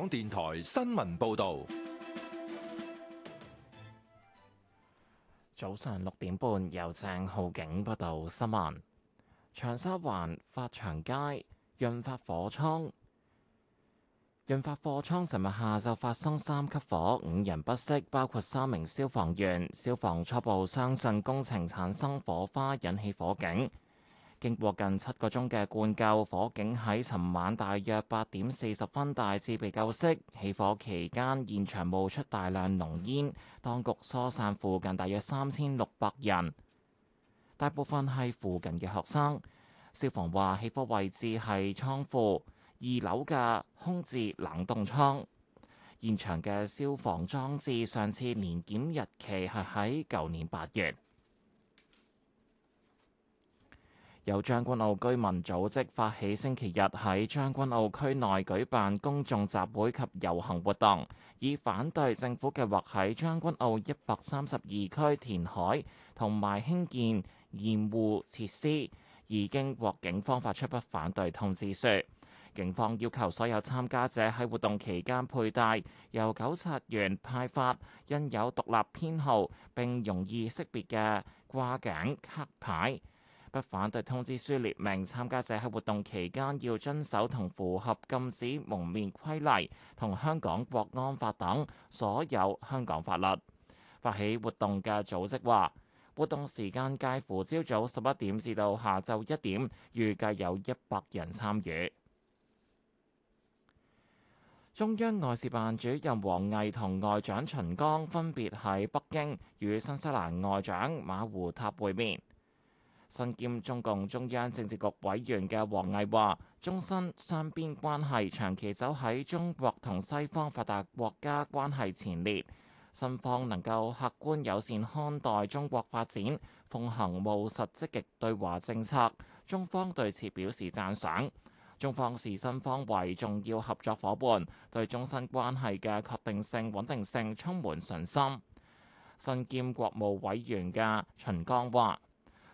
.港電台新聞報道，早上六點半，由鄭浩景報道新聞。長沙灣發祥街潤發貨倉潤發貨倉，尋日下晝發生三級火，五人不適，包括三名消防員。消防初步相信工程產生火花引起火警。經過近七個鐘嘅灌救，火警喺尋晚大約八點四十分大致被救熄。起火期間，現場冒出大量濃煙，當局疏散附近大約三千六百人，大部分係附近嘅學生。消防話，起火位置係倉庫二樓嘅空置冷凍倉，現場嘅消防裝置上次年檢日期係喺舊年八月。由將軍澳居民組織發起星期日喺將軍澳區內舉辦公眾集會及遊行活動，以反對政府計劃喺將軍澳一百三十二區填海同埋興建厭惡設施，已經獲警方發出不反對通知書。警方要求所有參加者喺活動期間佩戴由糾察員派發、印有獨立編號並容易識別嘅掛頸卡牌。不反對通知書列明參加者喺活動期間要遵守同符合禁止蒙面規例同香港國安法等所有香港法律。發起活動嘅組織話，活動時間介乎朝早十一點至到下晝一點，預計有一百人參與。中央外事辦主任王毅同外長秦剛分別喺北京與新西蘭外長馬胡塔會面。身兼中共中央政治局委員嘅王毅話：中新雙邊關係長期走喺中國同西方發達國家關係前列，新方能夠客觀友善看待中國發展，奉行務實積極對華政策，中方對此表示讚賞。中方視新方為重要合作伙伴，對中新關係嘅確定性、穩定性充滿信心。身兼國務委員嘅秦剛話。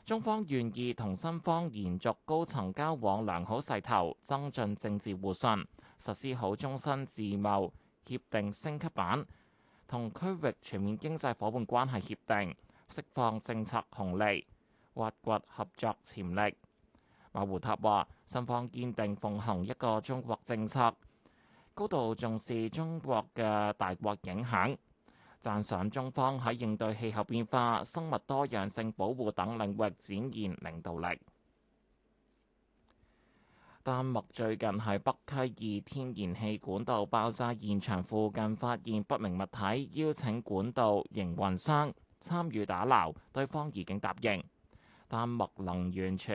中方願意同新方延續高層交往良好勢頭，增進政治互信，實施好中新自貿協定升級版同區域全面經濟伙伴關係協定，釋放政策紅利，挖掘合作潛力。馬胡塔話：新方堅定奉行一個中國政策，高度重視中國嘅大國影響。讚賞中方喺應對氣候變化、生物多樣性保護等領域展現領導力。丹麥最近喺北溪二天然氣管道爆炸現場附近發現不明物體，邀請管道營運商參與打撈，對方已經答應。丹麥能源署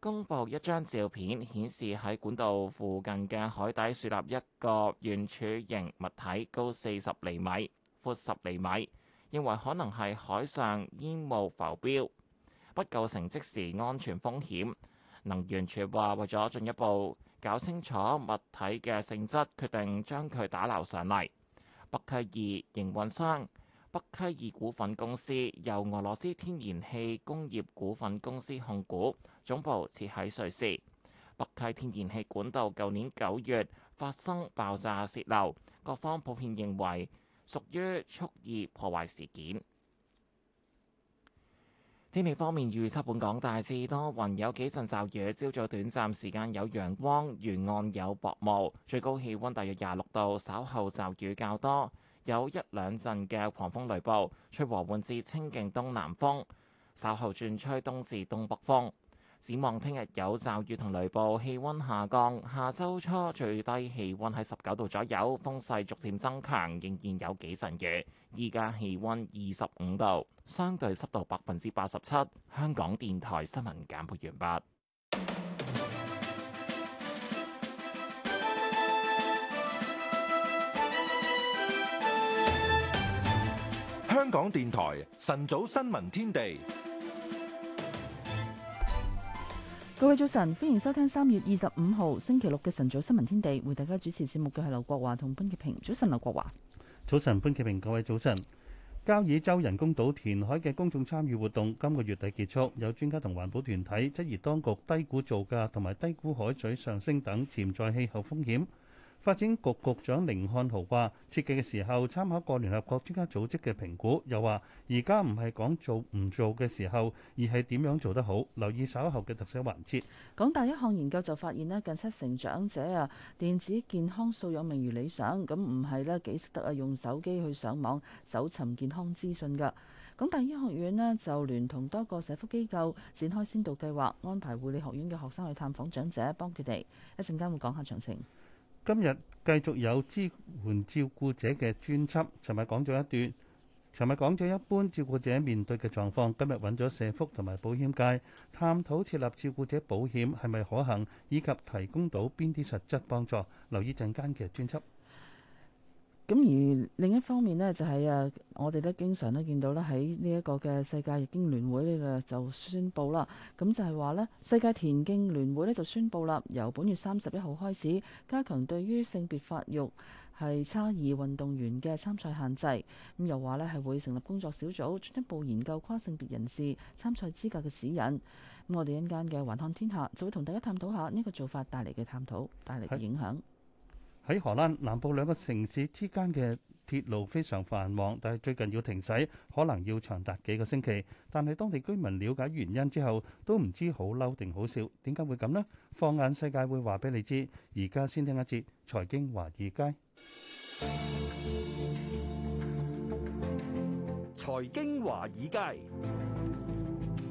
公佈一張照片，顯示喺管道附近嘅海底樹立一個圓柱形物體，高四十厘米。寬十厘米，認為可能係海上煙霧浮標，不構成即時安全風險。能源處話，為咗進一步搞清楚物體嘅性質，決定將佢打撈上嚟。北溪二營運商北溪二股份公司由俄羅斯天然氣工業股份公司控股，總部設喺瑞士。北溪，北溪天然氣管道舊年九月發生爆炸泄漏，各方普遍認為。屬於蓄意破壞事件。天氣方面預測，本港大致多雲，有幾陣驟雨。朝早短暫時間有陽光，沿岸有薄霧。最高氣溫大約廿六度。稍後驟雨較多，有一兩陣嘅狂風雷暴。吹和緩至清勁東南風。稍後轉吹東至東北風。展望聽日有驟雨同雷暴，氣温下降。下周初最低氣温喺十九度左右，風勢逐漸增強，仍然有幾陣雨。而家氣温二十五度，相對濕度百分之八十七。香港電台新聞簡報完畢。香港電台晨早新聞天地。各位早晨，歡迎收聽三月二十五號星期六嘅晨早新聞天地。為大家主持節目嘅係劉國華同潘潔平。早晨，劉國華。早晨，潘潔平。各位早晨。交椅洲人工島填海嘅公眾參與活動今個月底結束，有專家同環保團體質疑當局低估造價同埋低估海水上升等潛在氣候風險。發展局局長寧漢豪話：設計嘅時候參考過聯合國專家組織嘅評估，又話而家唔係講做唔做嘅時候，而係點樣做得好。留意稍後嘅特色環節。港大一項研究就發現咧，近七成長者啊電子健康素養未如理想，咁唔係咧幾識得啊用手機去上網搜尋健康資訊㗎。港大醫學院咧就聯同多個社福機構展開先導計劃，安排護理學院嘅學生去探訪長者幫，幫佢哋一陣間會講下詳情。今日繼續有支援照顧者嘅專輯，尋日講咗一段，尋日講咗一般照顧者面對嘅狀況。今日揾咗社福同埋保險界，探討設立照顧者保險係咪可行，以及提供到邊啲實質幫助。留意陣間嘅專輯。咁而另一方面呢，就係啊，我哋都經常都見到咧，喺呢一個嘅世界田徑聯會呢度就宣布啦。咁就係話咧，世界田徑聯會咧就宣布啦，由本月三十一號開始，加強對於性別發育係差異運動員嘅參賽限制。咁又話咧係會成立工作小組進一步研究跨性別人士參賽資格嘅指引。咁我哋一陣間嘅環看天下就會同大家探討下呢個做法帶嚟嘅探討，帶嚟嘅影響。喺荷蘭南部兩個城市之間嘅鐵路非常繁忙，但係最近要停駛，可能要長達幾個星期。但係當地居民了解原因之後，都唔知好嬲定好笑，點解會咁呢？放眼世界，會話俾你知。而家先聽一節財經華爾街，財經華爾街，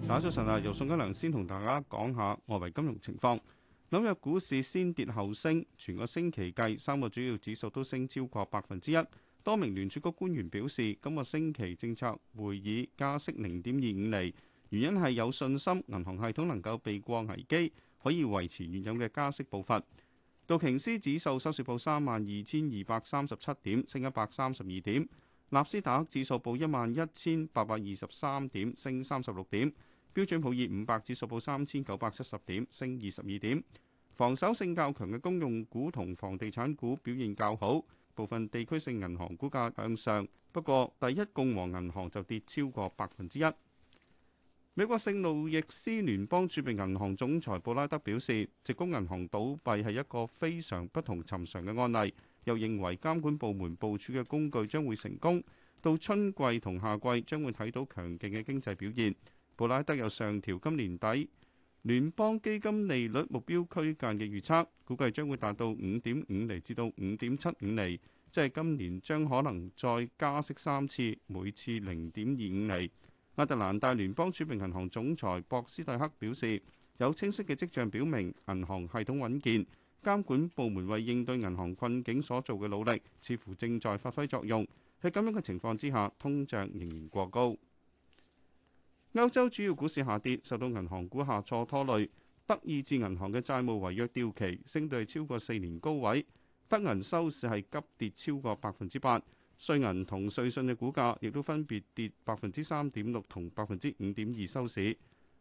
大家早晨啊！由宋嘉良先同大家講下外圍金融情況。紐約股市先跌後升，全個星期計三個主要指數都升超過百分之一。多名聯儲局官員表示，今個星期政策會議加息零點二五厘，原因係有信心銀行系統能夠避過危機，可以維持原有嘅加息步伐。道瓊斯指數收市報三萬二千二百三十七點，升一百三十二點。納斯達克指數報一萬一千八百二十三點，升三十六點。標準普爾五百指數報三千九百七十點，升二十二點。防守性較強嘅公用股同房地產股表現較好，部分地區性銀行股價向上。不過，第一共和銀行就跌超過百分之一。美國聖路易斯聯邦儲備銀行總裁布拉德表示，矽谷銀行倒閉係一個非常不同尋常嘅案例，又認為監管部門部署嘅工具將會成功，到春季同夏季將會睇到強勁嘅經濟表現。布拉德又上調今年底聯邦基金利率目標區間嘅預測，估計將會達到五點五釐至到五點七五釐，即係今年將可能再加息三次，每次零點二五釐。亞特蘭大聯邦儲備銀行總裁博斯蒂克表示，有清晰嘅跡象表明銀行系統穩健，監管部門為應對銀行困境所做嘅努力似乎正在發揮作用。喺咁樣嘅情況之下，通脹仍然過高。歐洲主要股市下跌，受到銀行股下挫拖累。德意志銀行嘅債務違約掉期升到超過四年高位。德銀收市係急跌超過百分之八。瑞銀同瑞信嘅股價亦都分別跌百分之三點六同百分之五點二收市。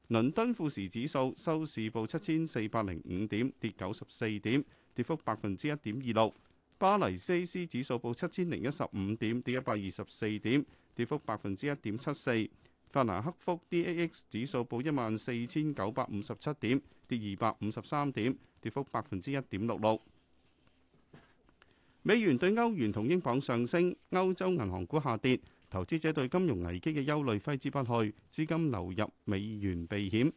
倫敦富時指數收市報七千四百零五點，跌九十四點，跌幅百分之一點二六。巴黎 CAC 指數報七千零一十五點，跌一百二十四點，跌幅百分之一點七四。法蘭克福 DAX 指數報一萬四千九百五十七點，跌二百五十三點，跌幅百分之一點六六。美元對歐元同英鎊上升，歐洲銀行股下跌，投資者對金融危機嘅憂慮揮之不去，資金流入美元避險。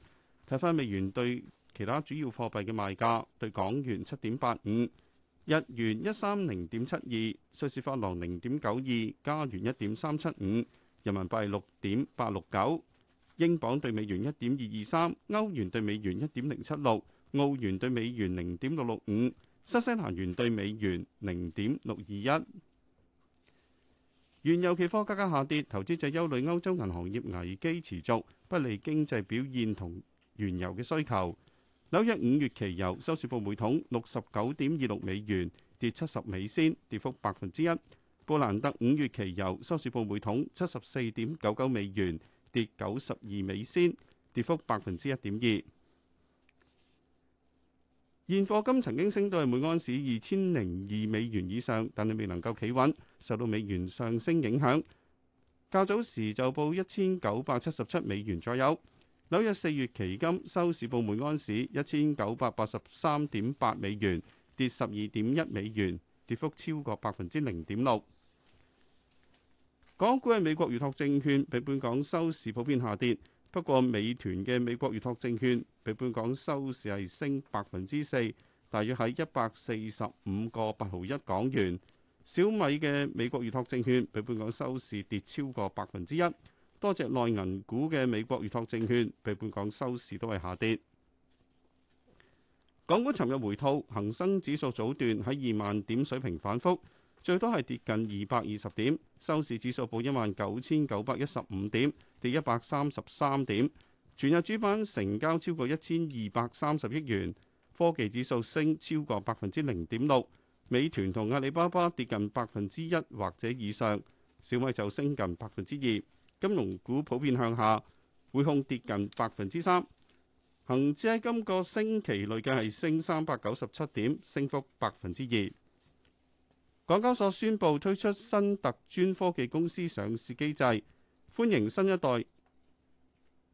睇返美元對其他主要貨幣嘅賣價：對港元七點八五，日元一三零點七二，瑞士法郎零點九二，加元一點三七五。人民幣六點八六九，英鎊對美元一點二二三，歐元對美元一點零七六，澳元對美元零點六六五，新西蘭元對美元零點六二一。原油期貨價格下跌，投資者憂慮歐洲銀行業危機持續，不利經濟表現同原油嘅需求。紐約五月期油收市報每桶六十九點二六美元，跌七十美仙，跌幅百分之一。布蘭特五月期油收市報每桶七十四點九九美元，跌九十二美仙，跌幅百分之一點二。現貨金曾經升到係每安士二千零二美元以上，但係未能夠企穩，受到美元上升影響。較早時就報一千九百七十七美元左右。紐約四月期金收市報每安士一千九百八十三點八美元，跌十二點一美元，跌幅超過百分之零點六。港股嘅美國預託證券，比本港收市普遍下跌。不過美團嘅美國預託證券比本港收市係升百分之四，大約喺一百四十五個八毫一港元。小米嘅美國預託證券比本港收市跌超過百分之一。多隻內銀股嘅美國預託證券比本港收市都係下跌。港股尋日回吐，恒生指數早段喺二萬點水平反覆。最多係跌近二百二十點，收市指數報一萬九千九百一十五點，跌一百三十三點。全日主板成交超過一千二百三十億元，科技指數升超過百分之零點六，美團同阿里巴巴跌近百分之一或者以上，小米就升近百分之二。金融股普遍向下，匯控跌近百分之三。恒指喺今個星期累計係升三百九十七點，升幅百分之二。港交所宣布推出新特專科技公司上市機制，歡迎新一代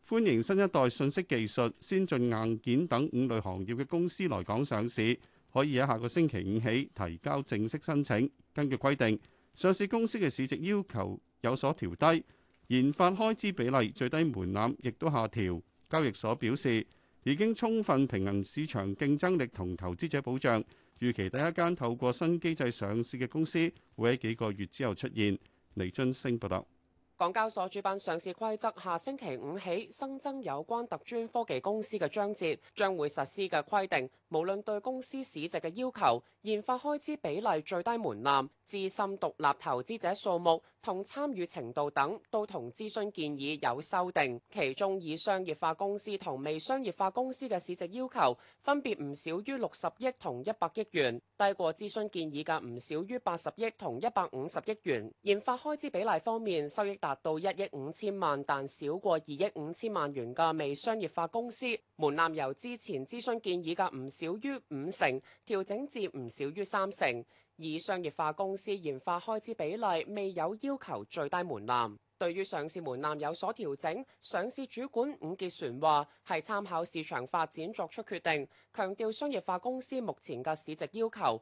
歡迎新一代信息技術、先進硬件等五類行業嘅公司來港上市，可以喺下個星期五起提交正式申請。根據規定，上市公司嘅市值要求有所調低，研發開支比例最低門檻亦都下調。交易所表示，已經充分平衡市場競爭力同投資者保障。預期第一間透過新機制上市嘅公司會喺幾個月之後出現。李津升報道，港交所主板上市規則下星期五起新增有關特專科技公司嘅章節，將會實施嘅規定。無論對公司市值嘅要求、研發開支比例最低門檻、資深獨立投資者數目同參與程度等，都同諮詢建議有修訂。其中以商業化公司同未商業化公司嘅市值要求，分別唔少於六十億同一百億元，低過諮詢建議嘅唔少於八十億同一百五十億元。研發開支比例方面，收益達到一億五千萬但少過二億五千萬元嘅未商業化公司，門檻由之前諮詢建議嘅五少於五成，調整至唔少於三成，以商業化公司研發開支比例未有要求最低門檻。對於上市門檻有所調整，上市主管伍潔璇話係參考市場發展作出決定，強調商業化公司目前嘅市值要求。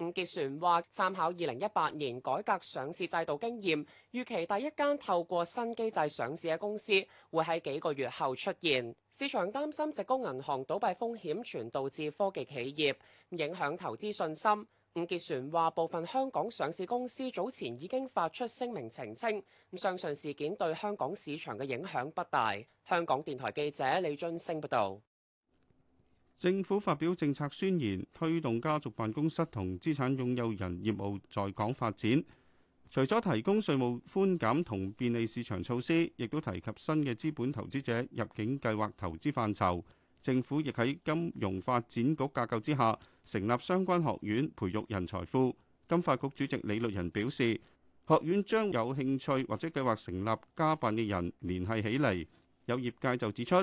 伍傑璇話：參考二零一八年改革上市制度經驗，預期第一間透過新機制上市嘅公司會喺幾個月後出現。市場擔心矽谷銀行倒閉風險傳導致科技企業影響投資信心。伍傑璇話：部分香港上市公司早前已經發出聲明澄清，相信事件對香港市場嘅影響不大。香港電台記者李俊升報道。政府發表政策宣言，推動家族辦公室同資產擁有人業務在港發展。除咗提供稅務寬減同便利市場措施，亦都提及新嘅資本投資者入境計劃投資範疇。政府亦喺金融發展局架構之下成立相關學院，培育人才庫。金發局主席李律仁表示，學院將有興趣或者計劃成立家辦嘅人聯繫起嚟。有業界就指出，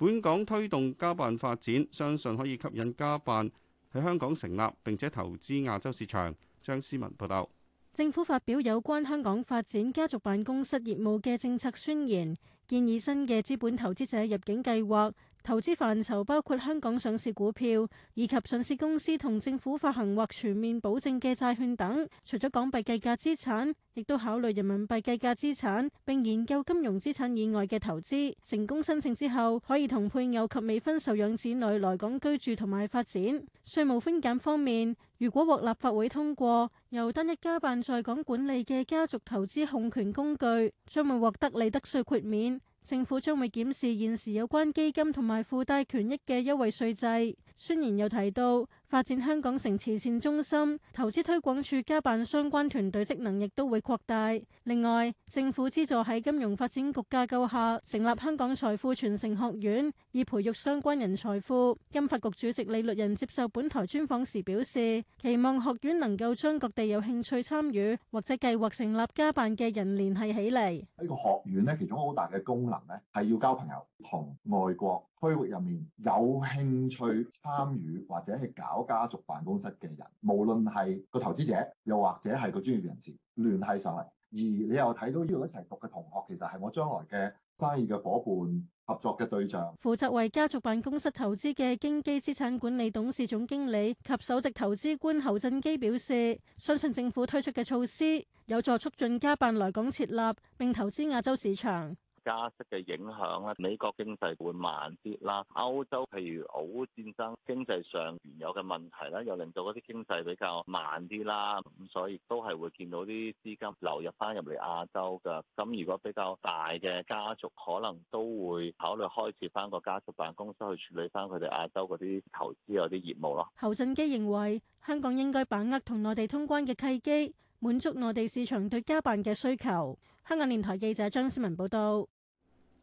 本港推動家辦發展，相信可以吸引家辦喺香港成立並且投資亞洲市場。張思文報道，政府發表有關香港發展家族辦公室業務嘅政策宣言，建議新嘅資本投資者入境計劃。投資範疇包括香港上市股票以及上市公司同政府發行或全面保證嘅債券等，除咗港幣計價資產，亦都考慮人民幣計價資產，並研究金融資產以外嘅投資。成功申請之後，可以同配偶及未婚受養子女來港居住同埋發展。稅務寬減方面，如果獲立法會通過，由單一家辦在港管理嘅家族投資控權工具，將會獲得利得稅豁免。政府將會檢視現時有關基金同埋附帶權益嘅優惠稅制。雖然又提到，發展香港成慈善中心，投資推廣署家辦相關團隊職能亦都會擴大。另外，政府資助喺金融發展局架構下成立香港財富傳承學院，以培育相關人才庫。金發局主席李律仁接受本台專訪時表示，期望學院能夠將各地有興趣參與或者計劃成立家辦嘅人聯繫起嚟。呢個學院呢，其中好大嘅功能呢，係要交朋友同外國，區域入面有興趣參與或者係搞家族辦公室嘅人，無論係個投資者，又或者係個專業人士，聯繫上嚟。而你又睇到呢度一齊讀嘅同學，其實係我將來嘅生意嘅伙伴、合作嘅對象。負責為家族辦公室投資嘅京基資產管理董事總經理及首席投資官侯振基表示，相信政府推出嘅措施有助促進家辦來港設立，並投資亞洲市場。加息嘅影響咧，美國經濟會慢啲啦。歐洲譬如俄烏戰爭，經濟上原有嘅問題咧，又令到嗰啲經濟比較慢啲啦。咁所以都係會見到啲資金流入翻入嚟亞洲嘅。咁如果比較大嘅家族，可能都會考慮開始翻個家族辦公室去處理翻佢哋亞洲嗰啲投資有啲業務咯。侯振基認為香港應該把握同內地通關嘅契機，滿足內地市場對家辦嘅需求。香港電台記者張思文報道。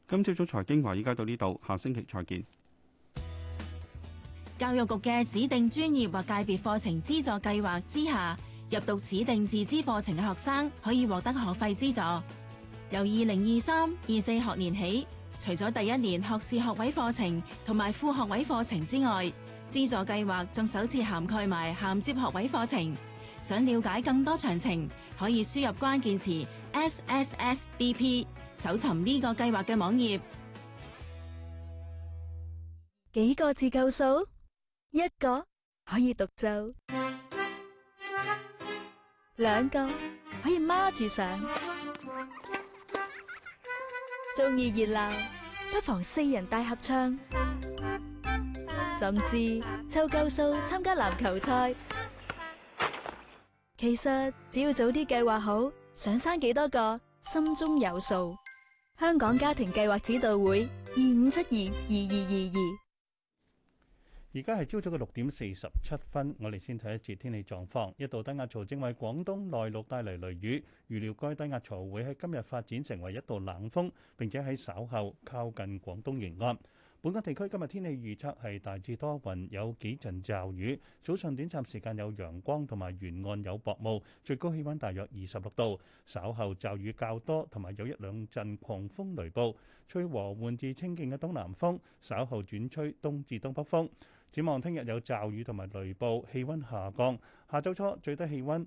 今朝早財經話依家到呢度，下星期再見。教育局嘅指定專業或界別課程資助計劃之下，入讀指定自資課程嘅學生可以獲得學費資助。由二零二三二四學年起，除咗第一年學士學位課程同埋副學位課程之外，資助計劃仲首次涵蓋埋銜接學位課程。想了解更多詳情，可以輸入關鍵詞 S S S D P，搜尋呢個計劃嘅網頁。幾個字夠數？一個可以獨奏，兩個可以孖住上，鍾意熱鬧不妨四人大合唱，甚至湊夠數參加籃球賽。其實只要早啲計劃好，想生幾多個心中有數。香港家庭計劃指導會二五七二二二二二。而家係朝早嘅六點四十七分，我哋先睇一節天氣狀況。一道低壓槽正為廣東內陸帶嚟雷雨，預料該低壓槽會喺今日發展成為一道冷鋒，並且喺稍後靠近廣東沿岸。本港地區今日天氣預測係大致多雲，有幾陣驟雨。早上短暫時間有陽光，同埋沿岸有薄霧。最高氣溫大約二十六度。稍後驟雨較多，同埋有一兩陣狂風雷暴，吹和緩至清勁嘅東南風。稍後轉吹東至東北風。展望聽日有驟雨同埋雷暴，氣溫下降。下週初最低氣溫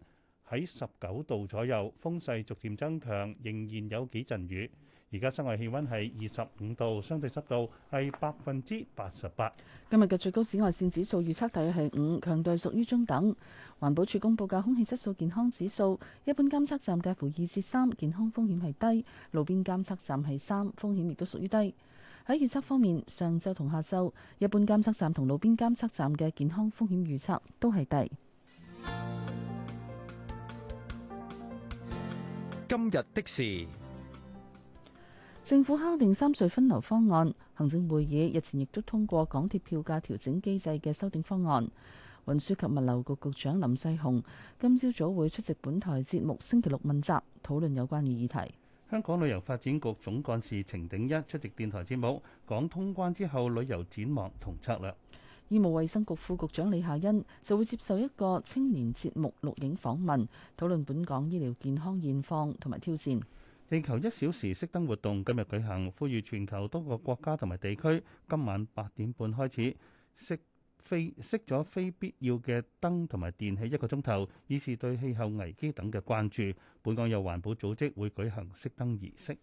喺十九度左右，風勢逐漸增強，仍然有幾陣雨。而家室外氣溫係二十五度，相對濕度係百分之八十八。今日嘅最高紫外綫指數預測大約係五，強度屬於中等。環保署公布嘅空氣質素健康指數，一般監測站介乎二至三，健康風險係低；路邊監測站係三，風險亦都屬於低。喺預測方面，上晝同下晝，一般監測站同路邊監測站嘅健康風險預測都係低。今日的事。政府敲定三隧分流方案，行政會議日前亦都通過港鐵票價調整機制嘅修訂方案。運輸及物流局局長林世雄今朝早會出席本台節目《星期六問責》，討論有關嘅議題。香港旅遊發展局總幹事程鼎一出席電台節目，講通關之後旅遊展望同策略。醫務衛生局副局長李夏茵就會接受一個青年節目錄影訪問，討論本港醫療健康現況同埋挑戰。地球一小時熄燈活動今日舉行，呼籲全球多個國家同埋地區今晚八點半開始熄非熄咗非必要嘅燈同埋電器一個鐘頭，以示對氣候危機等嘅關注。本港有環保組織會舉行熄燈儀式。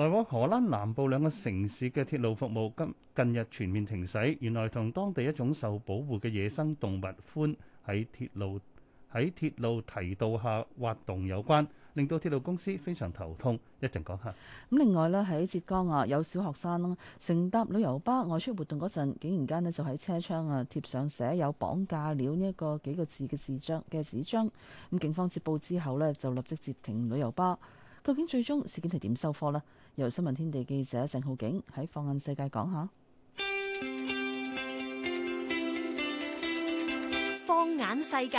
來往荷蘭南部兩個城市嘅鐵路服務今近日全面停駛，原來同當地一種受保護嘅野生動物獾喺鐵路喺鐵路提道下挖洞有關，令到鐵路公司非常頭痛。講一陣講下咁。另外咧喺浙江啊，有小學生啦、啊，乘搭旅遊巴外出活動嗰陣，竟然間咧就喺車窗啊貼上寫有「綁架了」呢一個幾個字嘅紙張。咁警方接報之後咧，就立即截停旅遊巴。究竟最終事件係點收科呢？由新聞天地記者鄭浩景喺放眼世界講下。放眼世界，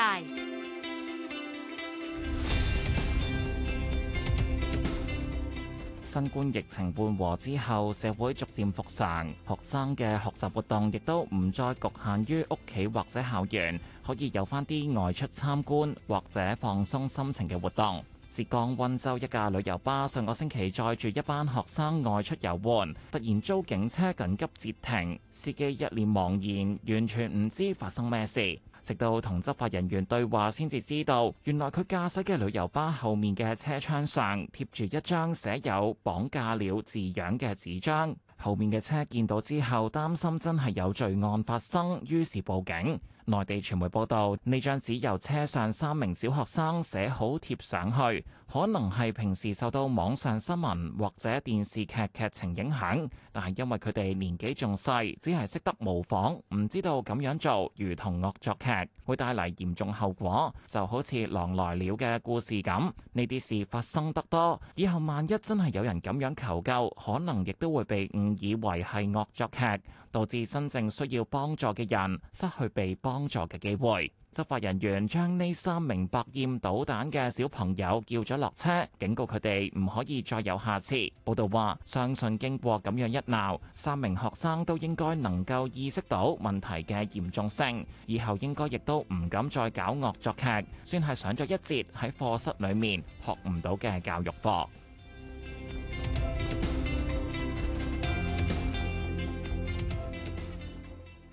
新冠疫情緩和之後，社會逐漸復常，學生嘅學習活動亦都唔再局限於屋企或者校園，可以有翻啲外出參觀或者放鬆心情嘅活動。浙江溫州一架旅遊巴上個星期載住一班學生外出遊玩，突然遭警車緊急截停，司機一臉茫然，完全唔知發生咩事。直到同執法人員對話先至知道原來，佢駕駛嘅旅遊巴後面嘅車窗上貼住一張寫有「綁架了」字樣嘅紙張，後面嘅車見到之後擔心真係有罪案發生，於是報警。內地傳媒報道，呢張紙由車上三名小學生寫好貼上去。可能係平時受到網上新聞或者電視劇劇情影響，但係因為佢哋年紀仲細，只係識得模仿，唔知道咁樣做，如同惡作劇，會帶嚟嚴重後果。就好似狼來了嘅故事咁，呢啲事發生得多，以後萬一真係有人咁樣求救，可能亦都會被誤以為係惡作劇，導致真正需要幫助嘅人失去被幫助嘅機會。執法人員將呢三名百厭搗蛋嘅小朋友叫咗落車，警告佢哋唔可以再有下次。報道話：相信經過咁樣一鬧，三名學生都應該能夠意識到問題嘅嚴重性，以後應該亦都唔敢再搞惡作劇，算係上咗一節喺課室裡面學唔到嘅教育課。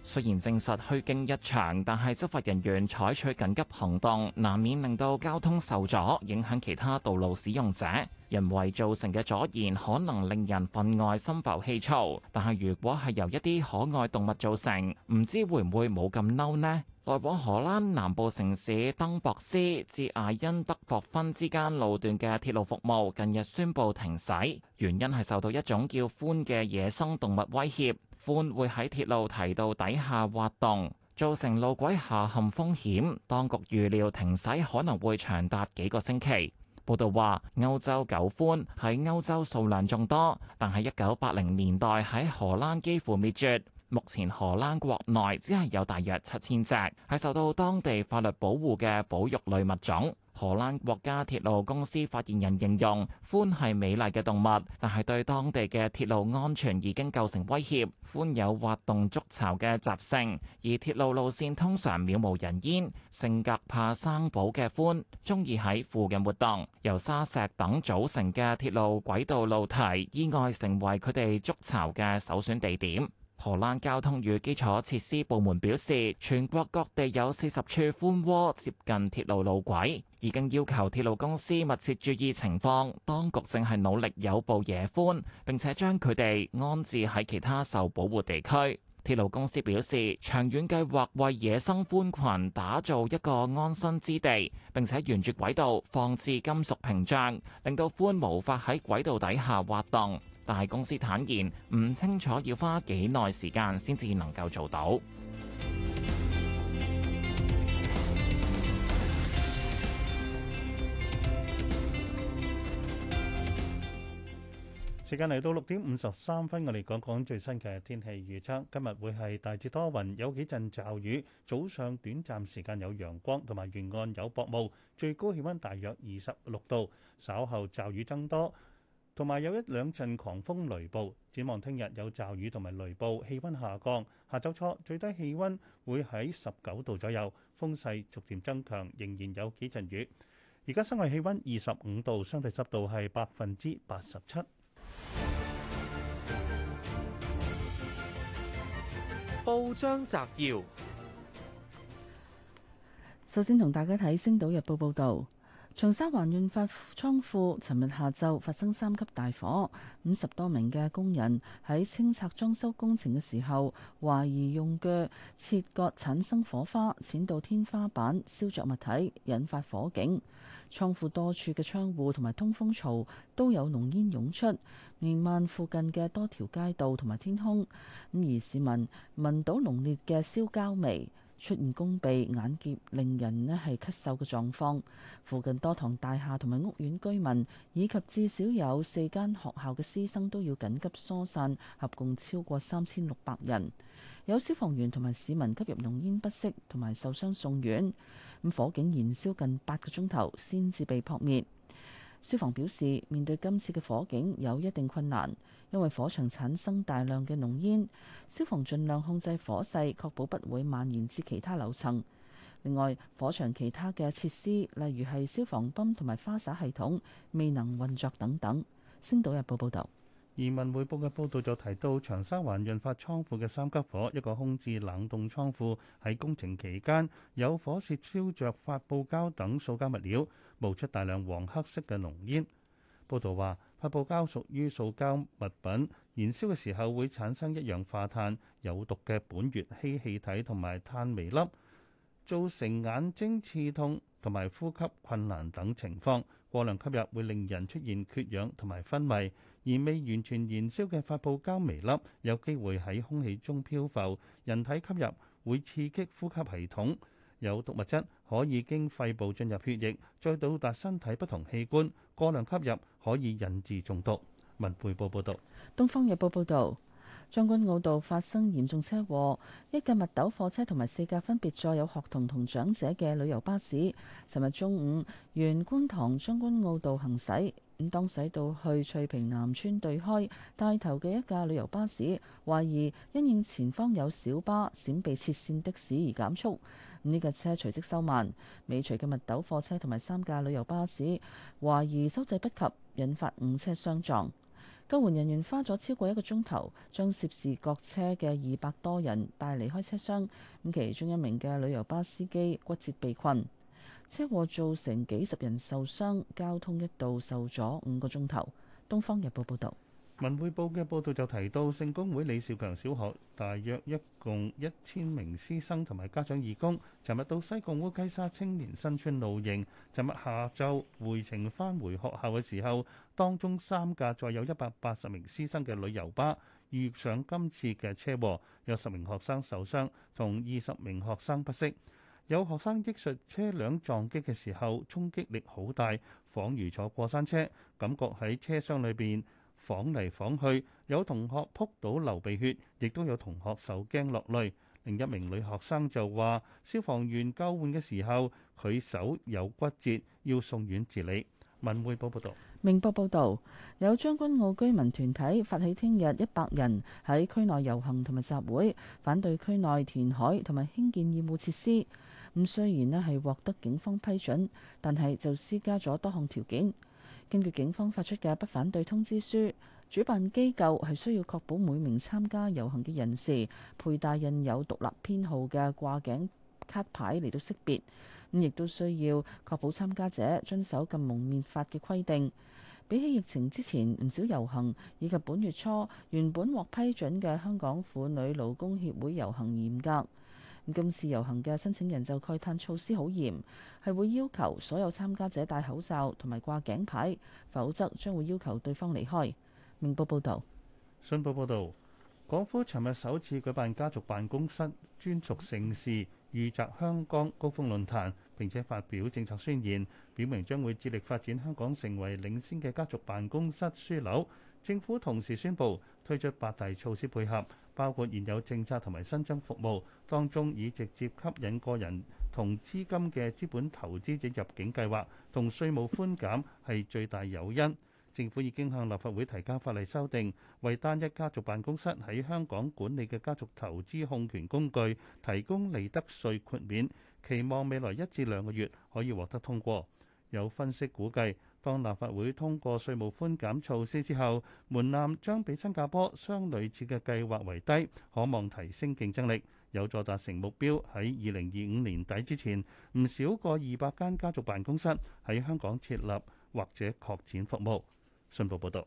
雖然證實虛驚一場，但係執法人員採取緊急行動，難免令到交通受阻，影響其他道路使用者。人為造成嘅阻延可能令人分外心浮氣躁，但係如果係由一啲可愛動物造成，唔知會唔會冇咁嬲呢？來往荷蘭南部城市登博斯至艾因德霍芬之間路段嘅鐵路服務，近日宣布停駛，原因係受到一種叫獾嘅野生動物威脅。獾會喺鐵路堤到底下滑動，造成路軌下陷風險。當局預料停駛可能會長達幾個星期。報道話，歐洲狗獾喺歐洲數量眾多，但係一九八零年代喺荷蘭幾乎滅絕。目前荷蘭國內只係有大約七千隻，係受到當地法律保護嘅保育類物種。荷蘭國家鐵路公司發言人形容，獾係美麗嘅動物，但係對當地嘅鐵路安全已經構成威脅。獾有挖洞築巢嘅習性，而鐵路路線通常渺無人煙，性格怕生保嘅獾，鍾意喺附近活動。由沙石等組成嘅鐵路軌道路堤，意外成為佢哋築巢嘅首選地點。荷蘭交通與基礎設施部門表示，全國各地有四十處獾窩接近鐵路路軌，已經要求鐵路公司密切注意情況。當局正係努力誘捕野獾，並且將佢哋安置喺其他受保護地區。鐵路公司表示，長遠計劃為野生獾群打造一個安身之地，並且沿住軌道放置金屬屏障，令到獾無法喺軌道底下滑動。大公司坦言唔清楚要花幾耐時間先至能夠做到。時間嚟到六點五十三分，我哋講講最新嘅天氣預測。今日會係大致多雲，有幾陣驟雨，早上短暫時間有陽光，同埋沿岸有薄霧，最高氣温大約二十六度，稍後驟雨增多。同埋有一兩陣狂風雷暴，展望聽日有驟雨同埋雷暴，氣温下降。下週初最低氣温會喺十九度左右，風勢逐漸增強，仍然有幾陣雨。而家室外氣温二十五度，相對濕度係百分之八十七。報章摘要，首先同大家睇《星島日報》報導。長沙灣潤發倉庫尋日下晝發生三級大火，五十多名嘅工人喺清拆裝修工程嘅時候，懷疑用鋸切割產生火花，濺到天花板，燒着物體，引發火警。倉庫多處嘅窗戶同埋通風槽都有濃煙湧出，彌漫附近嘅多條街道同埋天空。咁而市民聞到濃烈嘅燒膠味。出現弓鼻、眼結，令人咧係咳嗽嘅狀況。附近多幢大廈同埋屋苑居民，以及至少有四間學校嘅師生都要緊急疏散，合共超過三千六百人。有消防員同埋市民吸入濃煙不適，同埋受傷送院。咁火警燃燒近八個鐘頭先至被撲滅。消防表示面對今次嘅火警有一定困難。因為火場產生大量嘅濃煙，消防盡量控制火勢，確保不會蔓延至其他樓層。另外，火場其他嘅設施，例如係消防泵同埋花灑系統未能運作等等。星島日報報導，而文匯報嘅報導就提到，長沙灣潤發倉庫嘅三級火，一個空置冷凍倉庫喺工程期間有火舌燒着發泡膠等塑膠物料，冒出大量黃黑色嘅濃煙。報道話。發泡膠屬於塑膠物品，燃燒嘅時候會產生一氧化碳、有毒嘅苯乙烯氣體同埋碳微粒，造成眼睛刺痛同埋呼吸困難等情況。過量吸入會令人出現缺氧同埋昏迷。而未完全燃燒嘅發泡膠微粒有機會喺空氣中漂浮，人體吸入會刺激呼吸系統。有毒物質可以經肺部進入血液，再到達身體不同器官。過量吸入可以引致中毒。文匯報報道。東方日報報道，將軍澳道發生嚴重車禍，一架密斗貨車同埋四架分別載有學童同長者嘅旅遊巴士，尋日中午沿觀塘將軍澳道行駛，咁當駛到去翠屏南村對開，帶頭嘅一架旅遊巴士懷疑因應前方有小巴閃避切線的士而減速。呢架車隨即收慢，尾隨嘅密斗貨車同埋三架旅遊巴士，懷疑收制不及，引發五車相撞。救援人員花咗超過一個鐘頭，將涉事各車嘅二百多人帶離開車廂。咁其中一名嘅旅遊巴司機骨折被困。車禍造成幾十人受傷，交通一度受阻五個鐘頭。《東方日報》報導。文匯報嘅報道就提到，聖公會李兆強小學大約一共一千名師生同埋家長義工，尋日到西貢烏溪沙青年新村露營，尋日下晝回程返回學校嘅時候，當中三架載有一百八十名師生嘅旅遊巴遇上今次嘅車禍，有十名學生受傷，同二十名學生不適，有學生憶述，車輛撞擊嘅時候衝擊力好大，彷如坐過山車，感覺喺車廂裏邊。晃嚟晃去，有同學撲倒流鼻血，亦都有同學受驚落淚。另一名女學生就話：消防員救援嘅時候，佢手有骨折，要送院治理。文匯報報道：「明報報道，有將軍澳居民團體發起聽日一百人喺區內遊行同埋集會，反對區內填海同埋興建業務設施。咁、嗯、雖然咧係獲得警方批准，但係就施加咗多項條件。根據警方發出嘅不反對通知書，主辦機構係需要確保每名參加遊行嘅人士佩戴印有獨立編號嘅掛頸卡牌嚟到識別，亦都需要確保參加者遵守禁蒙面法嘅規定。比起疫情之前唔少遊行，以及本月初原本獲批准嘅香港婦女勞工協會遊行嚴格。今次遊行嘅申請人就慨嘆措，措施好嚴，係會要求所有參加者戴口罩同埋掛頸牌，否則將會要求對方離開。明報報道：「信報報道，港府尋日首次舉辦家族辦公室專屬盛事——預集香港高峰論壇，並且發表政策宣言，表明將會致力發展香港成為領先嘅家族辦公室樞紐。政府同時宣布，推出八大措施配合，包括現有政策同埋新增服務，當中以直接吸引個人同資金嘅資本投資者入境計劃同稅務寬減係最大誘因。政府已經向立法會提交法例修訂，為單一家族辦公室喺香港管理嘅家族投資控權工具提供利得稅豁免，期望未來一至兩個月可以獲得通過。有分析估計。當立法會通過稅務寬減措施之後，門檻將比新加坡相類似嘅計劃為低，可望提升競爭力，有助達成目標，喺二零二五年底之前唔少過二百間家族辦公室喺香港設立或者擴展服務。信報報道。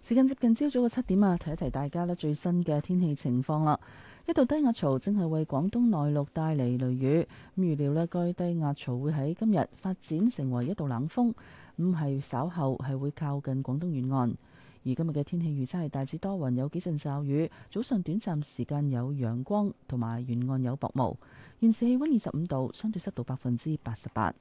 時間接近朝早嘅七點啊，提一提大家呢最新嘅天氣情況啦。一度低壓槽正係為廣東內陸帶嚟雷雨，預料呢該低壓槽會喺今日發展成為一道冷鋒。唔係稍後係會靠近廣東沿岸，而今日嘅天氣預測係大致多雲，有幾陣驟雨，早上短暫時間有陽光，同埋沿岸有薄霧。現時氣温二十五度，相對濕度百分之八十八。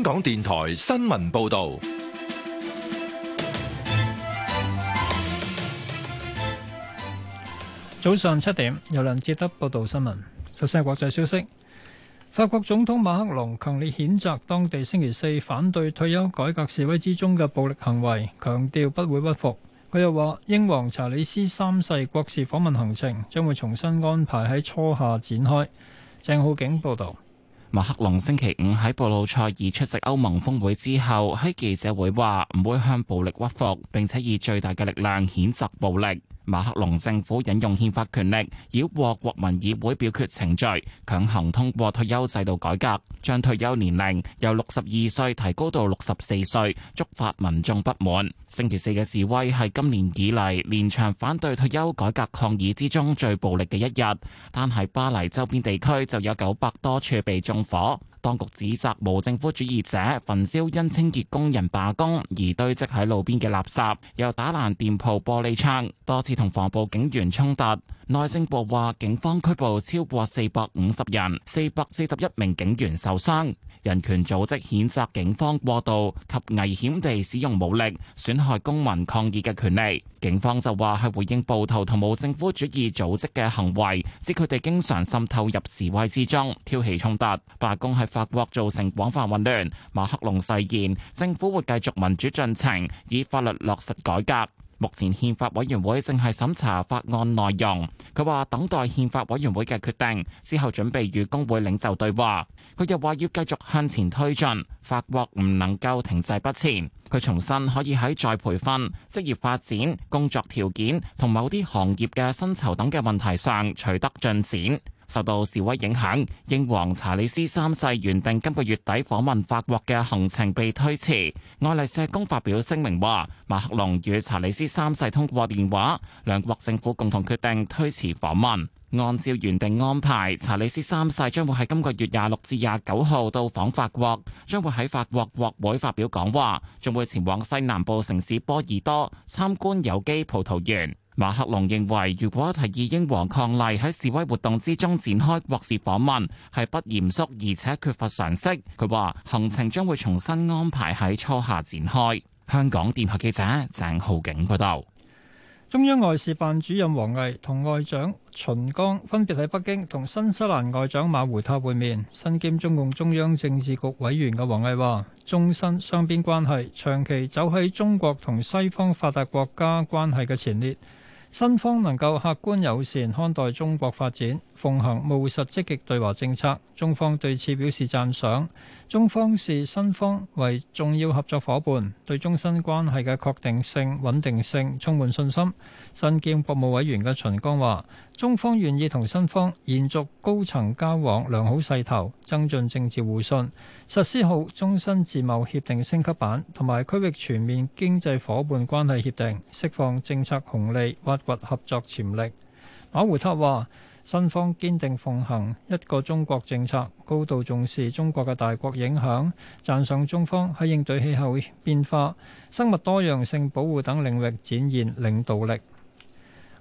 香港電台新聞報道，早上七點有梁志德報道新聞。首先係國際消息，法國總統馬克龍強烈譴責當地星期四反對退休改革示威之中嘅暴力行為，強調不會屈服。佢又話，英皇查理斯三世國事訪問行程將會重新安排喺初夏展開。鄭浩景報道。馬克龍星期五喺布魯塞爾出席歐盟峰會之後，喺記者會話唔會向暴力屈服，並且以最大嘅力量譴責暴力。馬克龍政府引用憲法權力繞過國民議會表決程序，強行通過退休制度改革，將退休年齡由六十二歲提高到六十四歲，觸發民眾不滿。星期四嘅示威係今年以嚟連場反對退休改革抗議之中最暴力嘅一日，但喺巴黎周邊地區就有九百多處被縱火。當局指責無政府主義者焚燒因清潔工人罷工而堆積喺路邊嘅垃圾，又打爛店鋪玻璃窗，多次同防暴警員衝突。內政部話，警方拘捕超過四百五十人，四百四十一名警員受傷。人權組織譴責警方過度及危險地使用武力，損害公民抗議嘅權利。警方就話係回應暴徒同無政府主義組織嘅行為，指佢哋經常滲透入示威之中，挑起衝突。罷工喺法國造成廣泛混亂。馬克龍誓言政府會繼續民主進程，以法律落實改革。目前憲法委員會正係審查法案內容，佢話等待憲法委員會嘅決定之後，準備與工會領袖對話。佢又話要繼續向前推進，法國唔能夠停滯不前。佢重申可以喺再培訓、職業發展、工作條件同某啲行業嘅薪酬等嘅問題上取得進展。受到示威影響，英皇查理斯三世原定今個月底訪問法國嘅行程被推遲。愛麗舍宮發表聲明話，馬克龍與查理斯三世通過電話，兩國政府共同決定推遲訪問。按照原定安排，查理斯三世將會喺今個月廿六至廿九號到訪法國，將會喺法國國會發表講話，仲會前往西南部城市波爾多參觀有機葡萄園。馬克龍認為，如果提議英皇伉儷喺示威活動之中展開國事訪問，係不嚴肅而且缺乏常識。佢話行程將會重新安排喺初夏展開。香港電台記者鄭浩景報道。中央外事辦主任王毅同外長秦剛分別喺北京同新西蘭外長馬胡塔會面。身兼中共中央政治局委員嘅王毅話，中新雙邊關係長期走喺中國同西方發達國家關係嘅前列。新方能夠客觀友善看待中國發展，奉行務實積極對華政策，中方對此表示讚賞。中方視新方為重要合作夥伴，對中新關係嘅確定性、穩定性充滿信心。新建國務委員嘅秦剛話，中方願意同新方延續高層交往良好勢頭，增進政治互信，實施好中新自貿協定升級版同埋區域全面經濟夥伴關係協定，釋放政策紅利，挖掘合作潛力。馬胡塔話。新方堅定奉行一個中國政策，高度重視中國嘅大國影響，讚賞中方喺應對氣候變化、生物多樣性保護等領域展現領導力。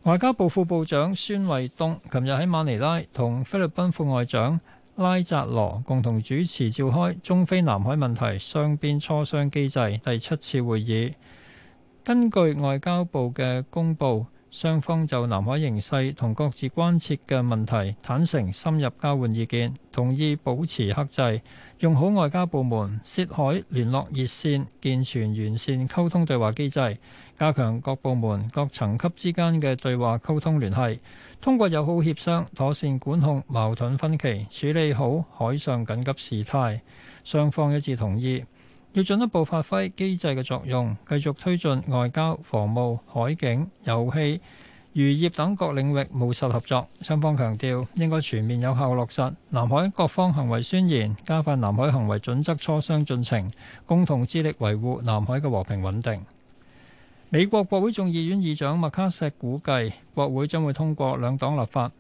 外交部副部長孫衛東琴日喺馬尼拉同菲律賓副外長拉扎羅共同主持召開中菲南海問題雙邊磋商機制第七次會議。根據外交部嘅公佈。雙方就南海形勢同各自關切嘅問題坦誠深入交換意見，同意保持克制，用好外交部門涉海聯絡熱線，健全完善溝通對話機制，加強各部門各層級之間嘅對話溝通聯繫，通過友好協商妥善管控矛盾分歧，處理好海上緊急事態。雙方一致同意。要進一步發揮機制嘅作用，繼續推進外交、防務、海警、油氣、漁業等各領域務實合作。雙方強調應該全面有效落實南海各方行為宣言，加快南海行為準則磋商進程，共同致力維護南海嘅和平穩定。美國國會眾議院議長麥卡錫估計，國會將會通過兩黨立法，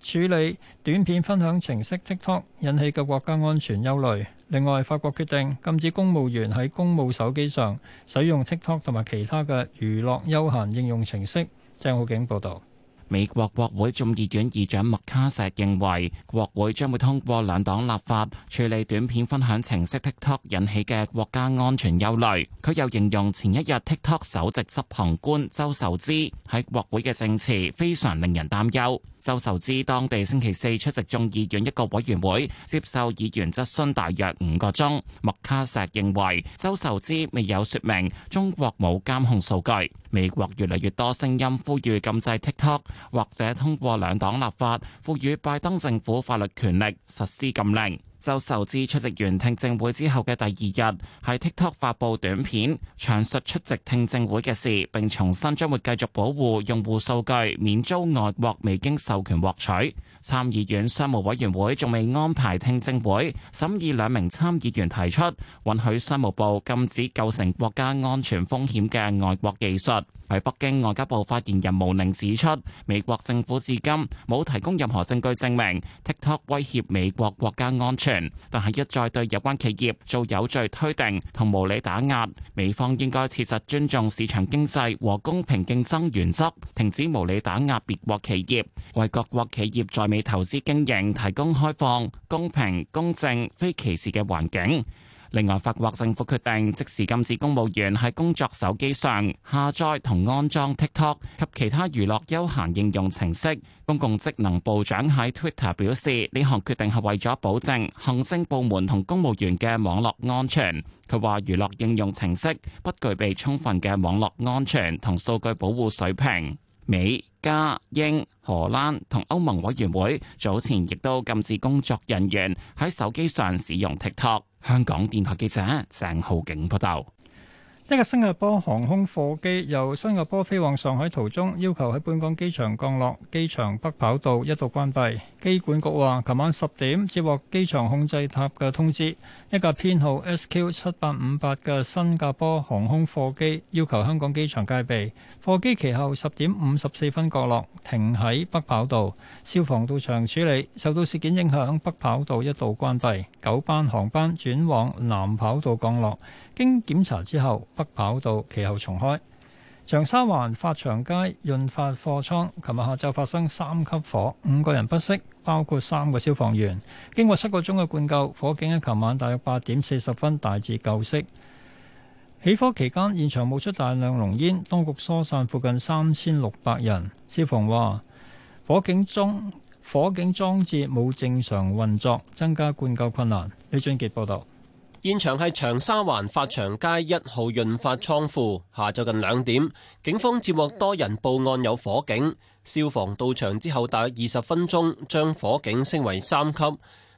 處理短片分享程式 TikTok 引起嘅國家安全憂慮。另外，法國決定禁止公務員喺公務手機上使用 TikTok 同埋其他嘅娛樂休閒應用程式。鄭浩景報道。美國國會眾議院議長麥卡錫認為，國會將會通過兩黨立法處理短片分享程式 TikTok 引起嘅國家安全憂慮。佢又形容前一日 TikTok 首席執行官周受資喺國會嘅證詞非常令人擔憂。周受資當地星期四出席眾議院一個委員會，接受議員質詢大約五個鐘。麥卡錫認為周受資未有説明中國冇監控數據。美國越嚟越多聲音呼籲禁制 TikTok，或者通過兩黨立法，賦予拜登政府法律權力實施禁令。周受資出席完聽證會之後嘅第二日，喺 TikTok 發佈短片，詳述出席聽證會嘅事，並重申將會繼續保護用戶數據免遭外國未經授權獲取。參議院商務委員會仲未安排聽證會審議兩名參議員提出允許商務部禁止構成國家安全風險嘅外國技術。喺北京外交部發言人毛寧指出，美國政府至今冇提供任何證據證明 TikTok 威脅美國國家安全，但係一再對有關企業做有罪推定同無理打壓。美方應該切實尊重市場經濟和公平競爭原則，停止無理打壓別國企業，為各國企業在美投資經營提供開放、公平、公正、非歧視嘅環境。另外，法國政府決定即時禁止公務員喺工作手機上下載同安裝 TikTok 及其他娛樂休閒應用程式。公共職能部長喺 Twitter 表示，呢項決定係為咗保證行政部門同公務員嘅網絡安全。佢話娛樂應用程式不具備充分嘅網絡安全同數據保護水平。美。加、英、荷蘭同歐盟委員會早前亦都禁止工作人員喺手機上使用 TikTok。香港電台記者鄭浩景報道。一個新加坡航空貨機由新加坡飛往上海途中，要求喺本港機場降落，機場北跑道一度關閉，機管局話琴晚十點接獲機場控制塔嘅通知。一架編號 SQ 七八五八嘅新加坡航空貨機要求香港機場戒備，貨機其後十點五十四分降落，停喺北跑道，消防到場處理。受到事件影響，北跑道一度關閉，九班航班轉往南跑道降落。經檢查之後，北跑道其後重開。長沙灣發祥街潤發貨倉，琴日下晝發生三級火，五個人不適。包括三個消防員，經過七個鐘嘅灌救，火警喺琴晚大約八點四十分大致救熄。起火期間，現場冒出大量濃煙，當局疏散附近三千六百人。消防話，火警裝火警裝置冇正常運作，增加灌救困難。李俊傑報導，現場係長沙環發祥街一號潤發倉庫，下晝近兩點，警方接獲多人報案有火警。消防到場之後大約二十分鐘，將火警升為三級。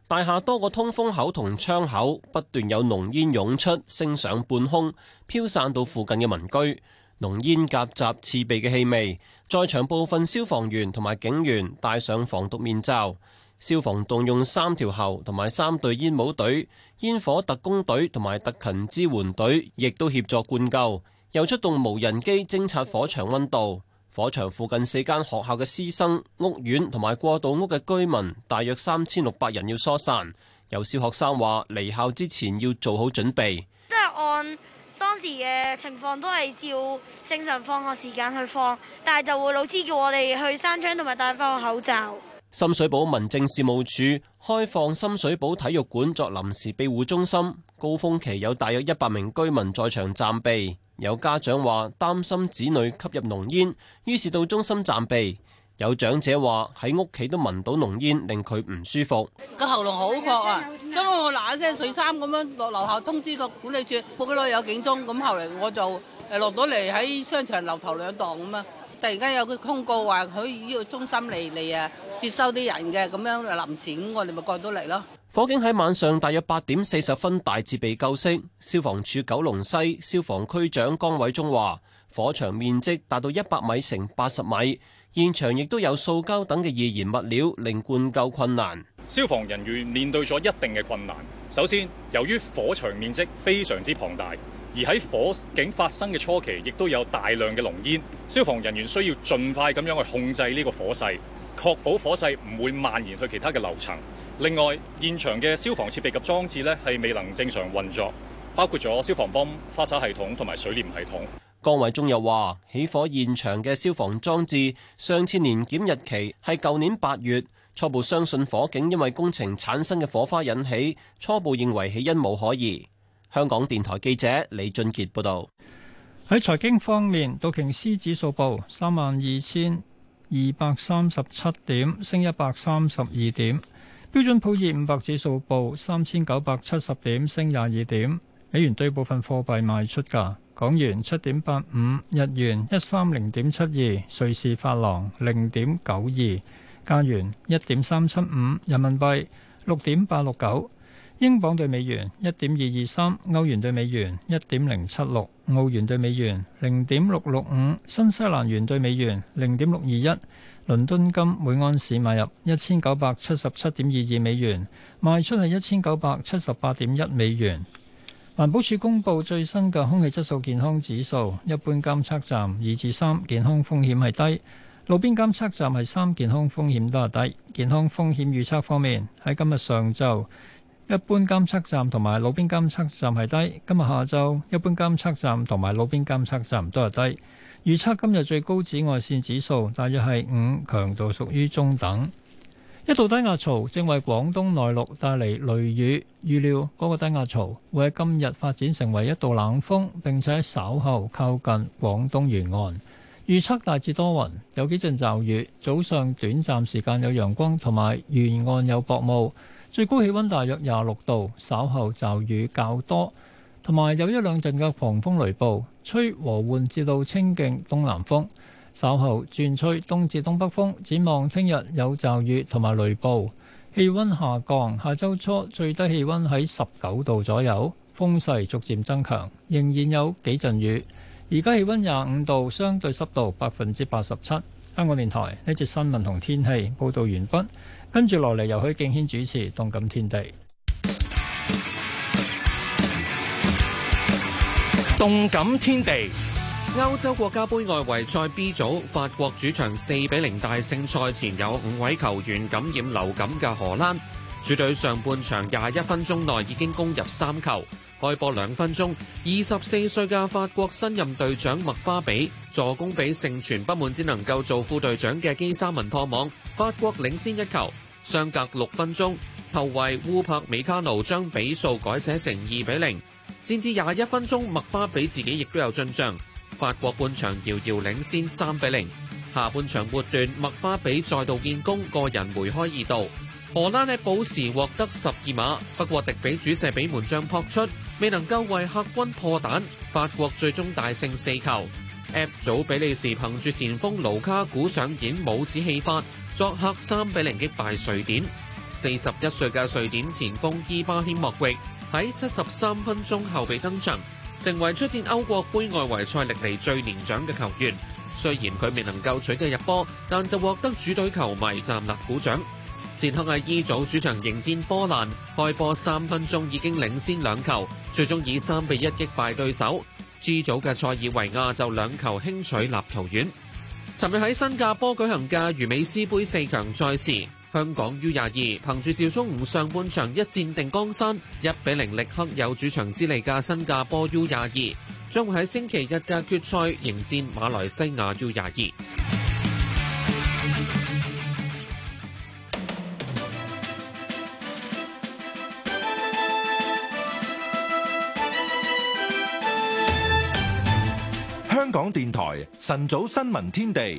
大廈多個通風口同窗口不斷有濃煙湧出，升上半空，飄散到附近嘅民居。濃煙夾雜刺鼻嘅氣味，在場部分消防員同埋警員戴上防毒面罩。消防動用三條喉同埋三隊煙帽隊、煙火特工隊同埋特勤支援隊，亦都協助灌救。又出動無人機偵察火場溫度。火場附近四間學校嘅師生、屋苑同埋過渡屋嘅居民，大約三千六百人要疏散。有小學生話：離校之前要做好準備，即係按當時嘅情況都係照正常放學時間去放，但係就會老師叫我哋去閂窗，同埋戴翻個口罩。深水埗民政事務處開放深水埗體育館作臨時庇護中心。高峰期有大約一百名居民在場暫避，有家長話擔心子女吸入濃煙，於是到中心暫避。有長者話喺屋企都聞到濃煙，令佢唔舒服。個喉嚨好痛啊！所以我嗱嗱聲睡衫咁樣落樓下通知個管理處，冇幾耐有警鐘。咁後嚟我就誒落到嚟喺商場樓頭兩檔咁啊。突然間有個通告話佢呢個中心嚟嚟啊，接收啲人嘅咁樣臨時，咁我哋咪過到嚟咯。火警喺晚上大約八點四十分大致被救熄。消防處九龍西消防區長江偉忠話：火場面積達到一百米乘八十米，現場亦都有塑膠等嘅易燃物料，令灌救困難。消防人員面對咗一定嘅困難。首先，由於火場面積非常之龐大，而喺火警發生嘅初期，亦都有大量嘅濃煙。消防人員需要盡快咁樣去控制呢個火勢，確保火勢唔會蔓延去其他嘅樓層。另外，現場嘅消防設備及裝置呢係未能正常運作，包括咗消防泵、花灑系統同埋水簾系統。江偉忠又話：起火現場嘅消防裝置上次年檢日期係舊年八月，初步相信火警因為工程產生嘅火花引起，初步認為起因冇可疑。香港電台記者李俊傑報導。喺財經方面，道瓊斯指數報三萬二千二百三十七點，升一百三十二點。標準普爾五百指數報三千九百七十點，升廿二點。美元對部分貨幣賣出價：港元七點八五，日元一三零點七二，瑞士法郎零點九二，加元一點三七五，人民幣六點八六九，英鎊對美元一點二二三，歐元對美元一點零七六，澳元對美元零點六六五，新西蘭元對美元零點六二一。倫敦金每安士買入一千九百七十七點二二美元，賣出係一千九百七十八點一美元。環保署公布最新嘅空氣質素健康指數，一般監測站二至三，健康風險係低；路邊監測站係三，健康風險都係低。健康風險預測方面，喺今日上晝，一般監測站同埋路邊監測站係低；今日下晝，一般監測站同埋路邊監測站都係低。預測今日最高紫外線指數大約係五，強度屬於中等。一道低壓槽正為廣東內陸帶嚟雷雨，預料嗰個低壓槽會喺今日發展成為一道冷鋒，並且稍後靠近廣東沿岸。預測大致多雲，有幾陣驟雨，早上短暫時間有陽光，同埋沿岸有薄霧。最高氣温大約廿六度，稍後驟雨較多。同埋有一兩陣嘅狂風雷暴，吹和緩至到清勁東南風，稍後轉吹東至東北風。展望聽日有驟雨同埋雷暴，氣温下降。下周初最低氣温喺十九度左右，風勢逐漸增強，仍然有幾陣雨。而家氣温廿五度，相對濕度百分之八十七。香港電台呢節新聞同天氣報道完畢，跟住落嚟由許敬軒主持《動感天地》。動感天地，歐洲國家盃外圍賽 B 組，法國主場四比零大勝。賽前有五位球員感染流感嘅荷蘭主隊，上半場廿一分鐘內已經攻入三球。開波兩分鐘，二十四歲嘅法國新任隊長麥巴比助攻，俾盛傳不滿只能夠做副隊長嘅基沙文破網，法國領先一球。相隔六分鐘，後衛烏柏美卡奴將比數改寫成二比零。戰至廿一分鐘，麥巴比自己亦都有進賬，法國半場遙遙領先三比零。下半場末段，麥巴比再度建功，個人梅開二度。荷蘭呢，補時獲得十二碼，不過迪比主射被門將撲出，未能夠為客軍破蛋。法國最終大勝四球。F 組比利時憑住前鋒盧卡古上演帽子戲法，作客三比零擊敗瑞典。四十一歲嘅瑞典前鋒伊巴謙莫域，喺七十三分鐘後備登場，成為出戰歐國杯外圍賽歷嚟最年長嘅球員。雖然佢未能夠取得入波，但就獲得主隊球迷站立鼓掌。捷克喺 E 組主場迎戰波蘭，開波三分鐘已經領先兩球，最終以三比一擊敗對手。G 組嘅塞爾維亞就兩球輕取立陶宛。尋日喺新加坡舉行嘅魚美斯杯四強賽事。香港 U 廿二，憑住趙松吾上半場一戰定江山，一比零力克有主場之利嘅新加坡 U 廿二，將會喺星期日嘅決賽迎戰馬來西亞 U 廿二。香港電台晨早新聞天地。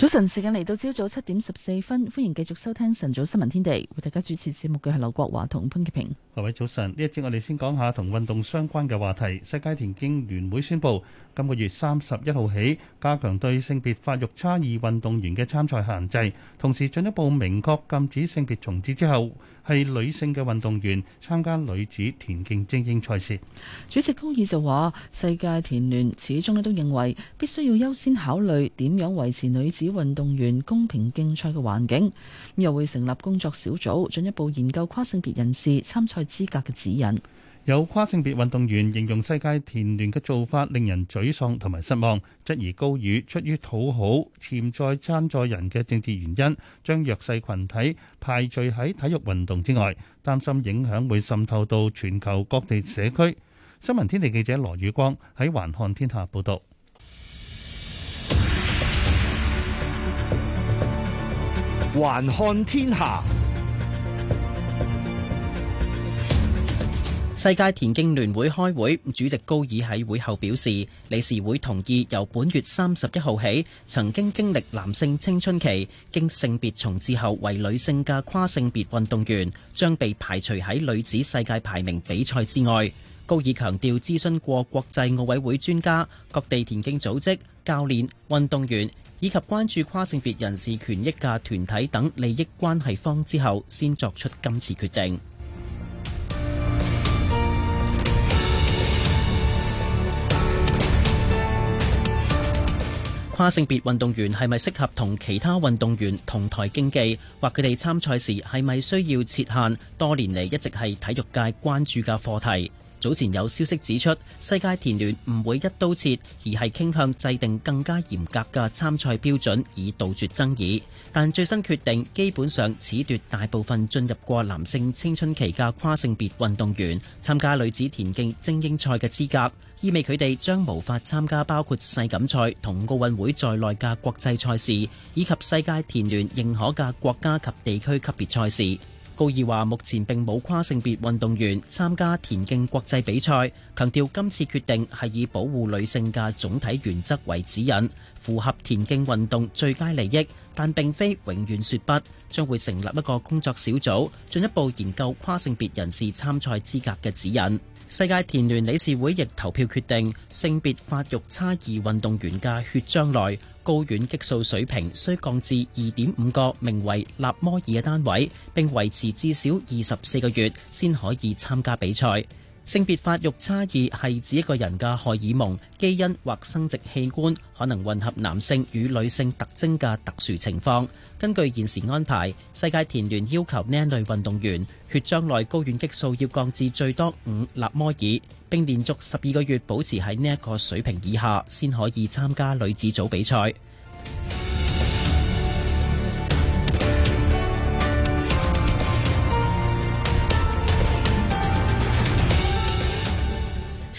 早晨，時間嚟到朝早七點十四分，歡迎繼續收聽晨早新聞天地。為大家主持節目嘅係劉國華同潘潔平。各位早晨，呢一節我哋先講下同運動相關嘅話題。世界田徑聯會宣布，今個月三十一號起，加強對性別發育差異運動員嘅參賽限制，同時進一步明確禁止性別重置之後係女性嘅運動員參加女子田徑精英賽事。主席高爾就話：世界田聯始終咧都認為必須要優先考慮點樣維持女子運動員公平競賽嘅環境，又會成立工作小組進一步研究跨性別人士參賽資格嘅指引。有跨性別運動員形容世界田聯嘅做法令人沮喪同埋失望，質疑高語出於討好、潛在參賽人嘅政治原因，將弱勢群體排除喺體育運動之外，擔心影響會滲透到全球各地社區。新聞天地記者羅宇光喺環看天下報導。環看天下。世界田徑聯會開會，主席高爾喺會後表示，理事會同意由本月三十一號起，曾經經歷男性青春期、經性別重置後為女性嘅跨性別運動員，將被排除喺女子世界排名比賽之外。高爾強調，諮詢過國際奧委會專家、各地田徑組織、教練、運動員以及關注跨性別人士權益嘅團體等利益關係方之後，先作出今次決定。跨性別運動員係咪適合同其他運動員同台競技，或佢哋參賽時係咪需要設限？多年嚟一直係體育界關注嘅課題，早前有消息指出，世界田聯唔會一刀切，而係傾向制定更加嚴格嘅參賽標準，以杜絕爭議，但最新決定基本上褫奪大部分進入過男性青春期嘅跨性別運動員參加女子田徑精英賽嘅資格。意味佢哋將無法參加包括世錦賽同奧運會在內嘅國際賽事，以及世界田聯認可嘅國家及地區級別賽事。高爾話：目前並冇跨性別運動員參加田徑國際比賽，強調今次決定係以保護女性嘅總體原則為指引，符合田徑運動最佳利益，但並非永遠說不，將會成立一個工作小組，進一步研究跨性別人士參賽資格嘅指引。世界田聯理事會亦投票決定，性別發育差異運動員嘅血漿內睾丸激素水平需降至二點五個名為納摩爾嘅單位，並維持至少二十四個月，先可以參加比賽。性別發育差異係指一個人嘅荷爾蒙、基因或生殖器官可能混合男性與女性特徵嘅特殊情況。根據現時安排，世界田聯要求呢一類運動員血漿內睾丸激素要降至最多五納摩爾，並連續十二個月保持喺呢一個水平以下，先可以參加女子組比賽。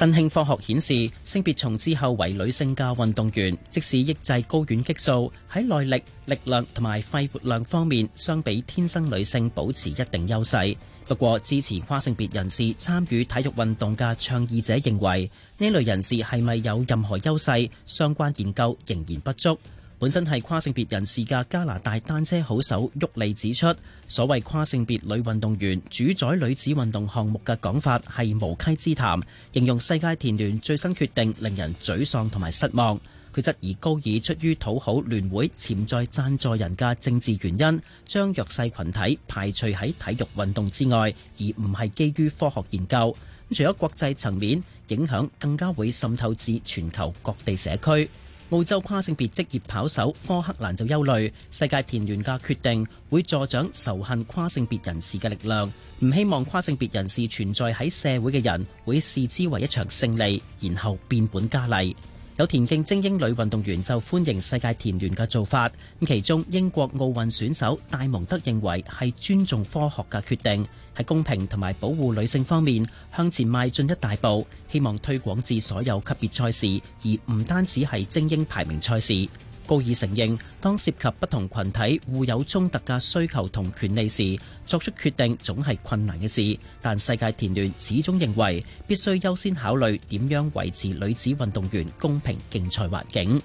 新興科學顯示，性別重置後為女性嘅運動員，即使抑制睾丸激素，喺耐力、力量同埋肺活量方面，相比天生女性保持一定優勢。不過，支持跨性別人士參與體育運動嘅倡議者認為，呢類人士係咪有任何優勢，相關研究仍然不足。本身係跨性別人士嘅加拿大單車好手旭利指出，所謂跨性別女運動員主宰女子運動項目嘅講法係無稽之談，形容世界田聯最新決定令人沮喪同埋失望。佢質疑高爾出於討好聯會潛在贊助人嘅政治原因，將弱勢群體排除喺體育運動之外，而唔係基於科學研究。咁除咗國際層面，影響更加會滲透至全球各地社區。澳洲跨性別職業跑手科克蘭就憂慮世界田聯嘅決定會助長仇恨跨性別人士嘅力量，唔希望跨性別人士存在喺社會嘅人會視之為一場勝利，然後變本加厲。有田徑精英女運動員就歡迎世界田聯嘅做法，咁其中英國奧運選手戴蒙德認為係尊重科學嘅決定。喺公平同埋保護女性方面向前邁進一大步，希望推廣至所有級別賽事，而唔單止係精英排名賽事。高爾承認，當涉及不同群體互有衝突嘅需求同權利時，作出決定總係困難嘅事。但世界田聯始終認為，必須優先考慮點樣維持女子運動員公平競賽環境。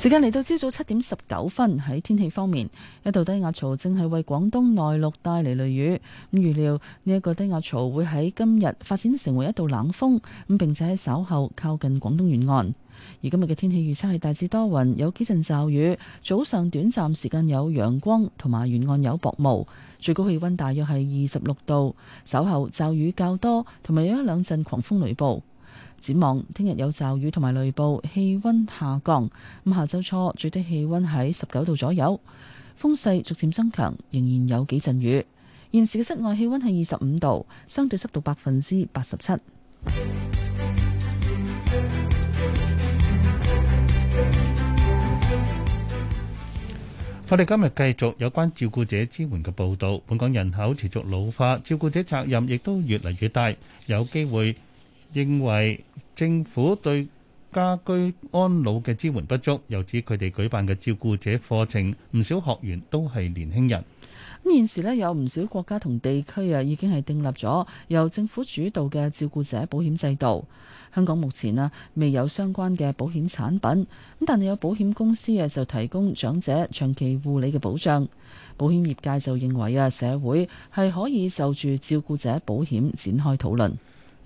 時間嚟到朝早七點十九分，喺天氣方面，一道低壓槽正係為廣東內陸帶嚟雷雨。咁預料呢一個低壓槽會喺今日發展成為一道冷鋒，咁並且喺稍後靠近廣東沿岸。而今日嘅天氣預測係大致多雲，有幾陣驟雨，早上短暫時間有陽光同埋沿岸有薄霧，最高氣溫大約係二十六度。稍後驟雨較多，同埋有一兩陣狂風雷暴。展望聽日有驟雨同埋雷暴，氣溫下降。咁下周初最低氣溫喺十九度左右，風勢逐漸增強，仍然有幾陣雨。現時嘅室外氣溫係二十五度，相對濕度百分之八十七。我哋今日繼續有關照顧者支援嘅報道。本港人口持續老化，照顧者責任亦都越嚟越大，有機會。認為政府對家居安老嘅支援不足，又指佢哋舉辦嘅照顧者課程，唔少學員都係年輕人。咁現時咧有唔少國家同地區啊，已經係訂立咗由政府主導嘅照顧者保險制度。香港目前啊未有相關嘅保險產品，咁但係有保險公司嘅就提供長者長期護理嘅保障。保險業界就認為啊，社會係可以就住照顧者保險展開討論。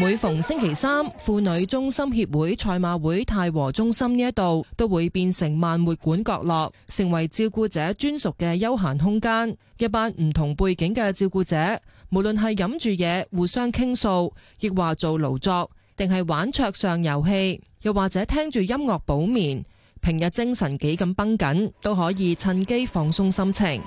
每逢星期三，婦女中心協會賽馬會泰和中心呢一度都會變成慢活館角落，成為照顧者專屬嘅休閒空間，一班唔同背景嘅照顧者，無論係飲住嘢互相傾訴，抑或做勞作，定係玩桌上遊戲，又或者聽住音樂補眠。平日精神幾咁繃緊都可以趁機放鬆心情。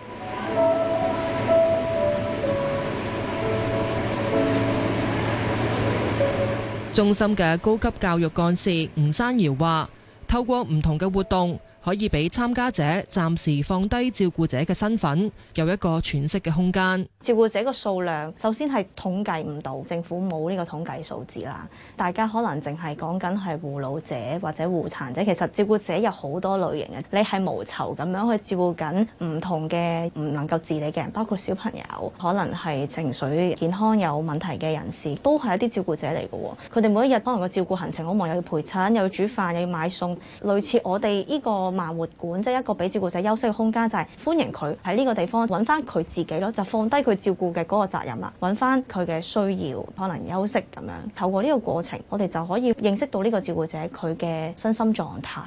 中心嘅高級教育幹事吳山瑤話，透過唔同嘅活動，可以俾參加者暫時放低照顧者嘅身份，有一個喘息嘅空間。照顧者嘅數量首先係統計唔到，政府冇呢個統計數字啦。大家可能淨係講緊係護老者或者護殘者，其實照顧者有好多類型嘅。你係無酬咁樣去照顧緊唔同嘅唔能夠自理嘅人，包括小朋友，可能係情緒健康有問題嘅人士，都係一啲照顧者嚟嘅。佢哋每一日可能個照顧行程好忙，又要陪診，又要煮飯，又要買餸，類似我哋呢個。慢活館即係一個俾照顧者休息嘅空間，就係歡迎佢喺呢個地方揾翻佢自己咯，就放低佢照顧嘅嗰個責任啦，揾翻佢嘅需要，可能休息咁樣。透過呢個過程，我哋就可以認識到呢個照顧者佢嘅身心狀態。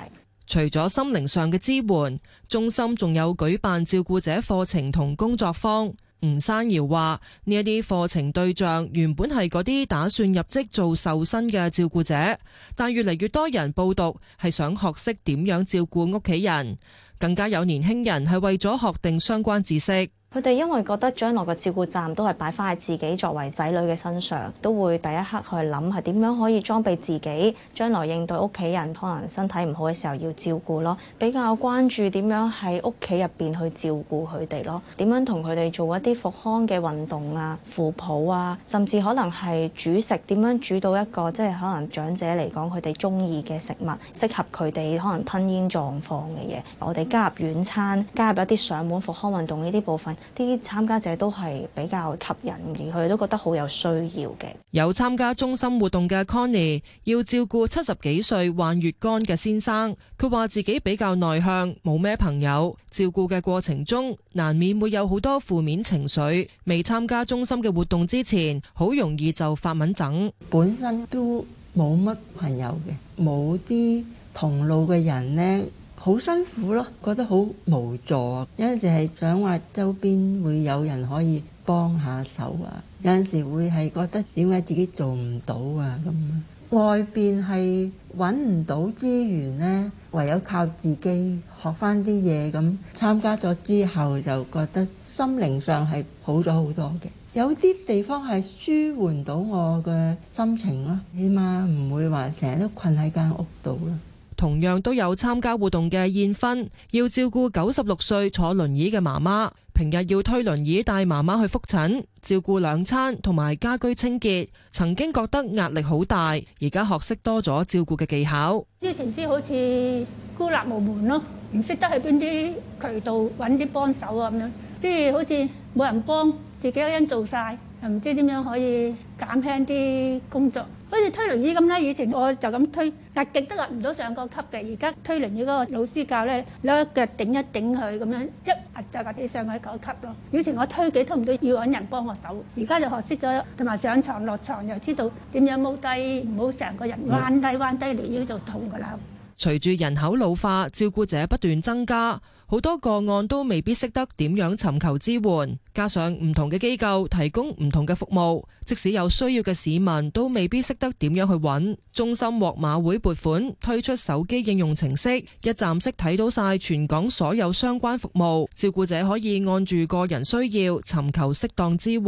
除咗心靈上嘅支援，中心仲有舉辦照顧者課程同工作坊。吳山堯話：呢一啲課程對象原本係嗰啲打算入職做受薪嘅照顧者，但越嚟越多人報讀係想學識點樣照顧屋企人，更加有年輕人係為咗學定相關知識。佢哋因為覺得將來個照顧站都係擺翻喺自己作為仔女嘅身上，都會第一刻去諗係點樣可以裝備自己，將來應對屋企人可能身體唔好嘅時候要照顧咯。比較關注點樣喺屋企入邊去照顧佢哋咯，點樣同佢哋做一啲復康嘅運動啊、扶抱啊，甚至可能係煮食，點樣煮到一個即係、就是、可能長者嚟講佢哋中意嘅食物，適合佢哋可能吞咽狀況嘅嘢。我哋加入軟餐，加入一啲上門復康運動呢啲部分。啲參加者都係比較吸引，而佢哋都覺得好有需要嘅。有參加中心活動嘅 Connie 要照顧七十幾歲患月肝嘅先生，佢話自己比較內向，冇咩朋友。照顧嘅過程中，難免會有好多負面情緒。未參加中心嘅活動之前，好容易就發敏癥。本身都冇乜朋友嘅，冇啲同路嘅人呢。好辛苦咯，覺得好無助啊。有陣時係想話周邊會有人可以幫下手啊。有陣時會係覺得點解自己做唔到啊咁。外邊係揾唔到資源咧，唯有靠自己學翻啲嘢。咁參加咗之後，就覺得心靈上係好咗好多嘅。有啲地方係舒緩到我嘅心情咯啊，起碼唔會話成日都困喺間屋度啦。同樣都有參加活動嘅燕芬，要照顧九十六歲坐輪椅嘅媽媽，平日要推輪椅帶媽媽去覆診，照顧兩餐同埋家居清潔。曾經覺得壓力好大，而家學識多咗照顧嘅技巧。之前知好似孤立無門咯，唔識得去邊啲渠道揾啲幫手啊，咁樣即係好似冇人幫自己一個人做晒。唔知點樣可以減輕啲工作，好似推輪椅咁咧。以前我就咁推，壓極都壓唔到上個級嘅。而家推輪椅嗰個老師教咧，攞一腳頂一頂佢咁樣，一壓就壓起上去個級咯。以前我推幾推唔到，要揾人幫我手。而家就學識咗，同埋上牀落牀又知道點樣踎低，唔好成個人彎低彎低，條腰就痛噶啦。隨住人口老化，照顧者不斷增加。好多個案都未必識得點樣尋求支援，加上唔同嘅機構提供唔同嘅服務，即使有需要嘅市民都未必識得點樣去揾。中心獲馬會撥款推出手機應用程式，一站式睇到晒全港所有相關服務，照顧者可以按住個人需要尋求適當支援。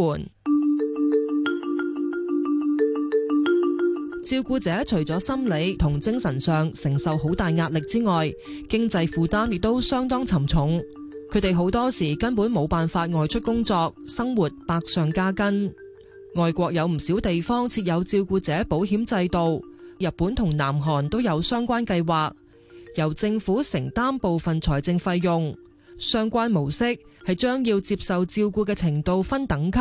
照顧者除咗心理同精神上承受好大壓力之外，經濟負擔亦都相當沉重。佢哋好多時根本冇辦法外出工作，生活百上加斤。外國有唔少地方設有照顧者保險制度，日本同南韓都有相關計劃，由政府承擔部分財政費用。相關模式係將要接受照顧嘅程度分等級。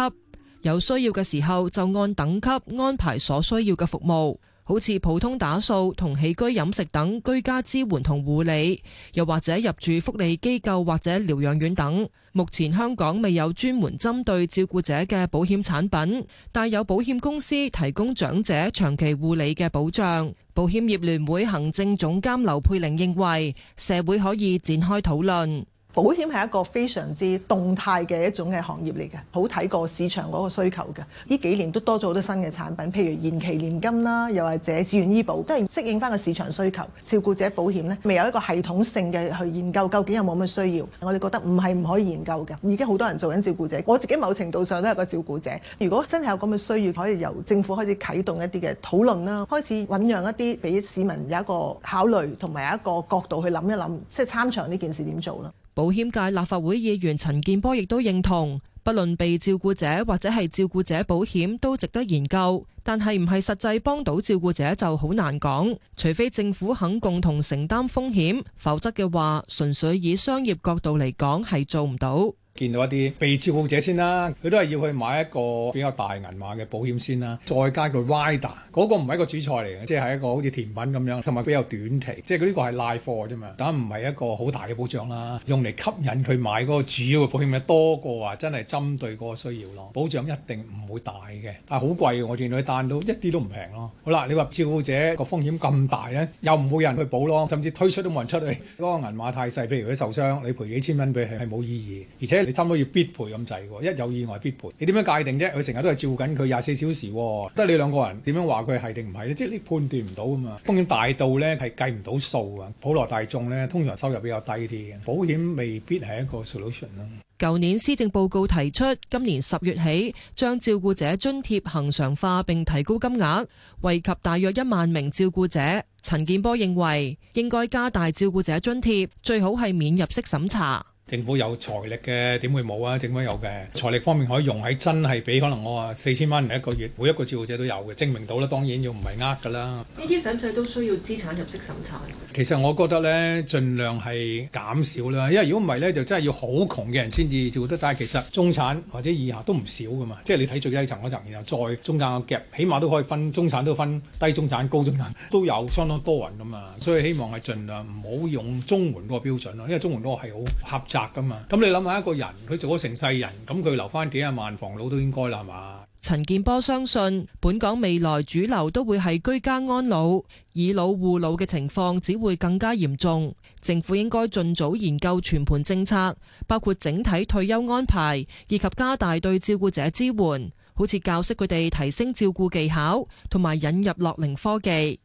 有需要嘅時候，就按等級安排所需要嘅服務，好似普通打掃同起居飲食等居家支援同護理，又或者入住福利機構或者療養院等。目前香港未有專門針對照顧者嘅保險產品，但有保險公司提供長者長期護理嘅保障。保險業聯會行政總監劉佩玲認為，社會可以展開討論。保險係一個非常之動態嘅一種嘅行業嚟嘅，好睇過市場嗰個需求嘅。呢幾年都多咗好多新嘅產品，譬如延期年金啦，又或者志願醫保，都係適應翻個市場需求。照顧者保險呢，未有一個系統性嘅去研究，究竟有冇乜需要？我哋覺得唔係唔可以研究嘅，已經好多人做緊照顧者。我自己某程度上都係個照顧者。如果真係有咁嘅需要，可以由政府開始啟動一啲嘅討論啦，開始醞釀一啲俾市民有一個考慮同埋有一個角度去諗一諗，即係參詳呢件事點做啦。保險界立法會議員陳健波亦都認同，不論被照顧者或者係照顧者保險都值得研究，但係唔係實際幫到照顧者就好難講，除非政府肯共同承擔風險，否則嘅話，純粹以商業角度嚟講係做唔到。見到一啲被照顧者先啦，佢都係要去買一個比較大銀碼嘅保險先啦，再加個 rider，嗰個唔係一個主菜嚟嘅，即係一個好似甜品咁樣，同埋比較短期，即係呢個係拉貨啫嘛，但唔係一個好大嘅保障啦，用嚟吸引佢買嗰個主要嘅保險嘅多過話真係針對個需要咯，保障一定唔會大嘅，但係好貴嘅，我見到單都一啲都唔平咯。好啦，你話照顧者個風險咁大咧，又唔會有人去保咯，甚至推出都冇人出嚟，嗰個銀碼太細，譬如佢受傷，你賠幾千蚊俾佢係冇意義，而且。你差唔多要必賠咁滯，一有意外必賠。你點樣界定啫？佢成日都係照緊佢廿四小時，得你兩個人點樣話佢係定唔係咧？即係你判斷唔到啊嘛。風險大到呢，係計唔到數啊。普羅大眾呢，通常收入比較低啲嘅，保險未必係一個 solution 咯。舊年施政報告提出，今年十月起將照顧者津貼恆常化並提高金額，惠及大約一萬名照顧者。陳建波認為應該加大照顧者津貼，最好係免入息審查。政府有財力嘅，點會冇啊？政府有嘅財力方面可以用喺真係俾，可能我話四千蚊一個月，每一個照顧者都有嘅，證明到啦。當然要唔係呃㗎啦。呢啲使唔使都需要資產入息審查？其實我覺得呢，儘量係減少啦。因為如果唔係呢，就真係要好窮嘅人先至照得。但係其實中產或者以下都唔少噶嘛。即係你睇最低層嗰層，然後再中產嘅夾，起碼都可以分中產都分低中產、高中產，都有相當多人㗎嘛。所以希望係儘量唔好用中門嗰個標準咯，因為中門嗰個係好狹窄。噶嘛？咁你諗下一個人，佢做咗成世人，咁佢留翻幾廿萬房佬都應該啦，係嘛？陳建波相信，本港未來主流都會係居家安老，以老護老嘅情況只會更加嚴重。政府應該盡早研究全盤政策，包括整體退休安排，以及加大對照顧者支援，好似教識佢哋提升照顧技巧，同埋引入樂齡科技。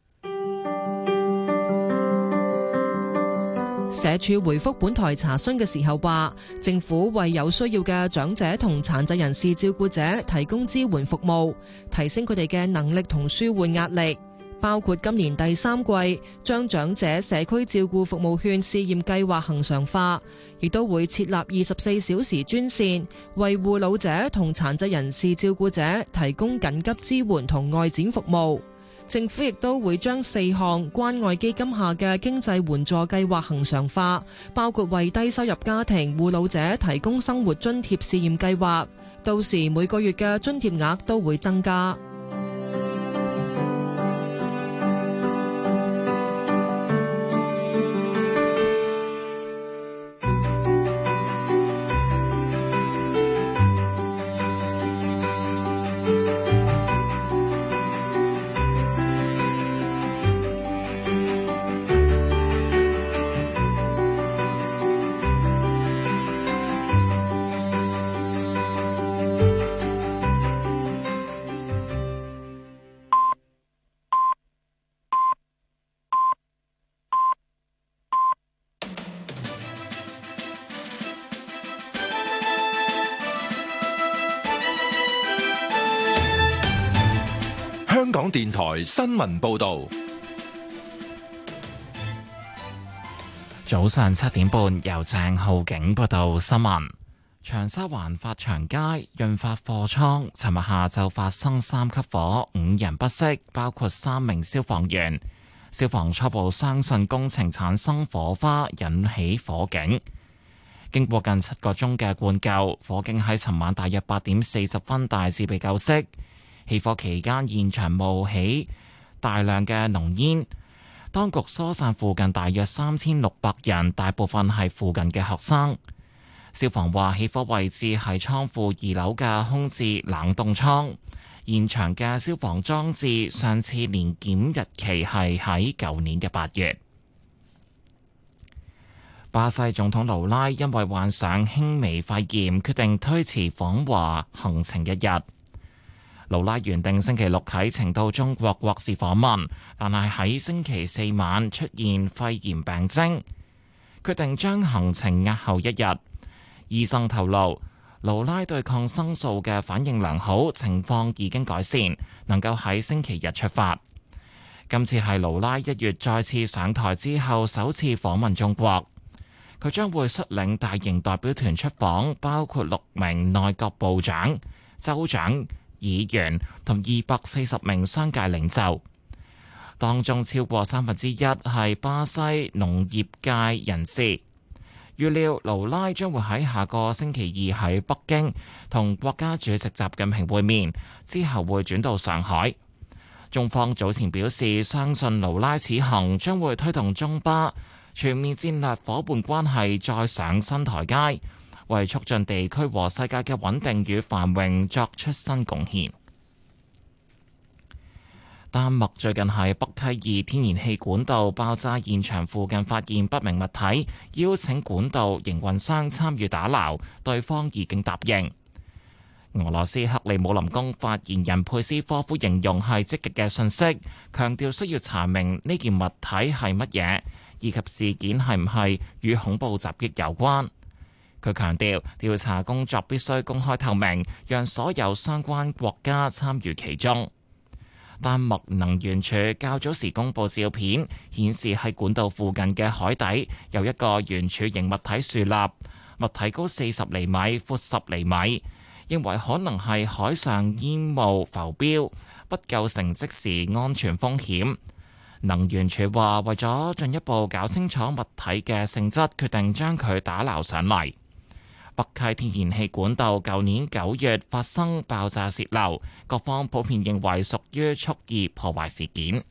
社署回覆本台查詢嘅時候話，政府為有需要嘅長者同殘疾人士照顧者提供支援服務，提升佢哋嘅能力同舒緩壓力，包括今年第三季將長者社區照顧服務券試驗計劃恒常化，亦都會設立二十四小時專線，為護老者同殘疾人士照顧者提供緊急支援同外展服務。政府亦都會將四項關愛基金下嘅經濟援助計劃恒常化，包括為低收入家庭、護老者提供生活津貼試驗計劃，到時每個月嘅津貼額都會增加。新聞報道，早上七點半由鄭浩景報道新聞。長沙灣發祥街潤發貨倉，尋日下晝發生三級火，五人不適，包括三名消防員。消防初步相信工程產生火花引起火警，經過近七個鐘嘅灌救，火警喺尋晚大約八點四十分大致被救熄。起火期間，現場冒起大量嘅濃煙。當局疏散附近大約三千六百人，大部分係附近嘅學生。消防話，起火位置係倉庫二樓嘅空置冷凍倉。現場嘅消防裝置上次年檢日期係喺舊年嘅八月。巴西總統盧拉因為患上輕微肺炎，決定推遲訪華行程一日。盧拉原定星期六啟程到中國國事訪問，但係喺星期四晚出現肺炎病徵，決定將行程押後一日。醫生透露，盧拉對抗生素嘅反應良好，情況已經改善，能夠喺星期日出發。今次係盧拉一月再次上台之後首次訪問中國，佢將會率領大型代表團出訪，包括六名內閣部長、州長、議員同二百四十名商界領袖，當中超過三分之一係巴西農業界人士。預料盧拉將會喺下個星期二喺北京同國家主席習近平會面，之後會轉到上海。中方早前表示，相信盧拉此行將會推動中巴全面戰略伙伴關係再上新台階，為促進地區和世界嘅穩定與繁榮作出新貢獻。丹麥最近喺北溪二天然氣管道爆炸現場附近發現不明物體，邀請管道營運商參與打撈，對方已經答應。俄羅斯克里姆林宮發言人佩斯科夫形容係積極嘅信息，強調需要查明呢件物體係乜嘢，以及事件係唔係與恐怖襲擊有關。佢強調，調查工作必須公開透明，讓所有相關國家參與其中。丹麥能源署較早時公布照片，顯示喺管道附近嘅海底有一個圓柱形物體豎立，物體高四十厘米，闊十厘米，認為可能係海上煙霧浮標，不構成即時安全風險。能源署話，為咗進一步搞清楚物體嘅性質，決定將佢打撈上嚟。北溪天然氣管道舊年九月發生爆炸泄漏，各方普遍認為屬於蓄意破壞事件。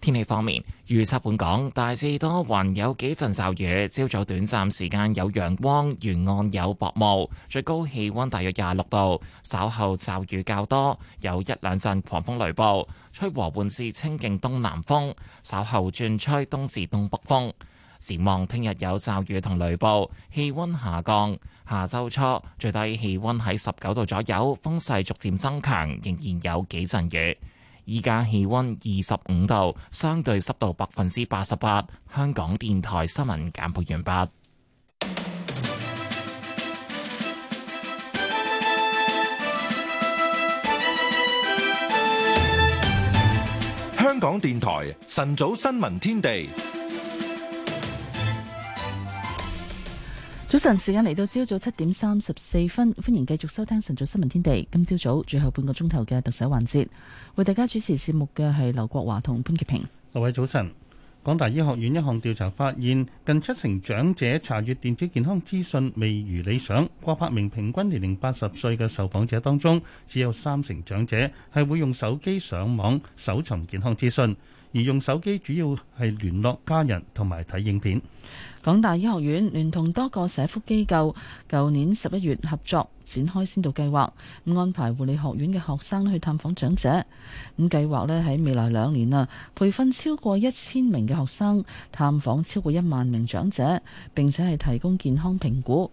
天氣方面預測本港大致多雲，有幾陣驟雨，朝早短暫時間有陽光，沿岸有薄霧，最高氣溫大約廿六度。稍後驟雨較多，有一兩陣狂風雷暴，吹和緩至清勁東南風，稍後轉吹東至東北風。展望聽日有驟雨同雷暴，氣溫下降。下周初最低氣溫喺十九度左右，風勢逐漸增強，仍然有幾陣雨。依家氣溫二十五度，相對濕度百分之八十八。香港電台新聞簡報完畢。香港電台晨早新聞天地。早晨，時間嚟到朝早七點三十四分，歡迎繼續收聽晨早新聞天地。今朝早，早最後半個鐘頭嘅特首環節，為大家主持節目嘅係劉國華同潘潔平。各位早晨，港大醫學院一項調查發現，近七成長者查閱電子健康資訊未如理想。過百名平均年齡八十歲嘅受訪者當中，只有三成長者係會用手機上網搜尋健康資訊。而用手機主要係聯絡家人同埋睇影片。港大醫學院聯同多個社福機構，舊年十一月合作展開先導計劃，安排護理學院嘅學生去探訪長者。咁計劃呢，喺未來兩年啊，培訓超過一千名嘅學生，探訪超過一萬名長者，並且係提供健康評估。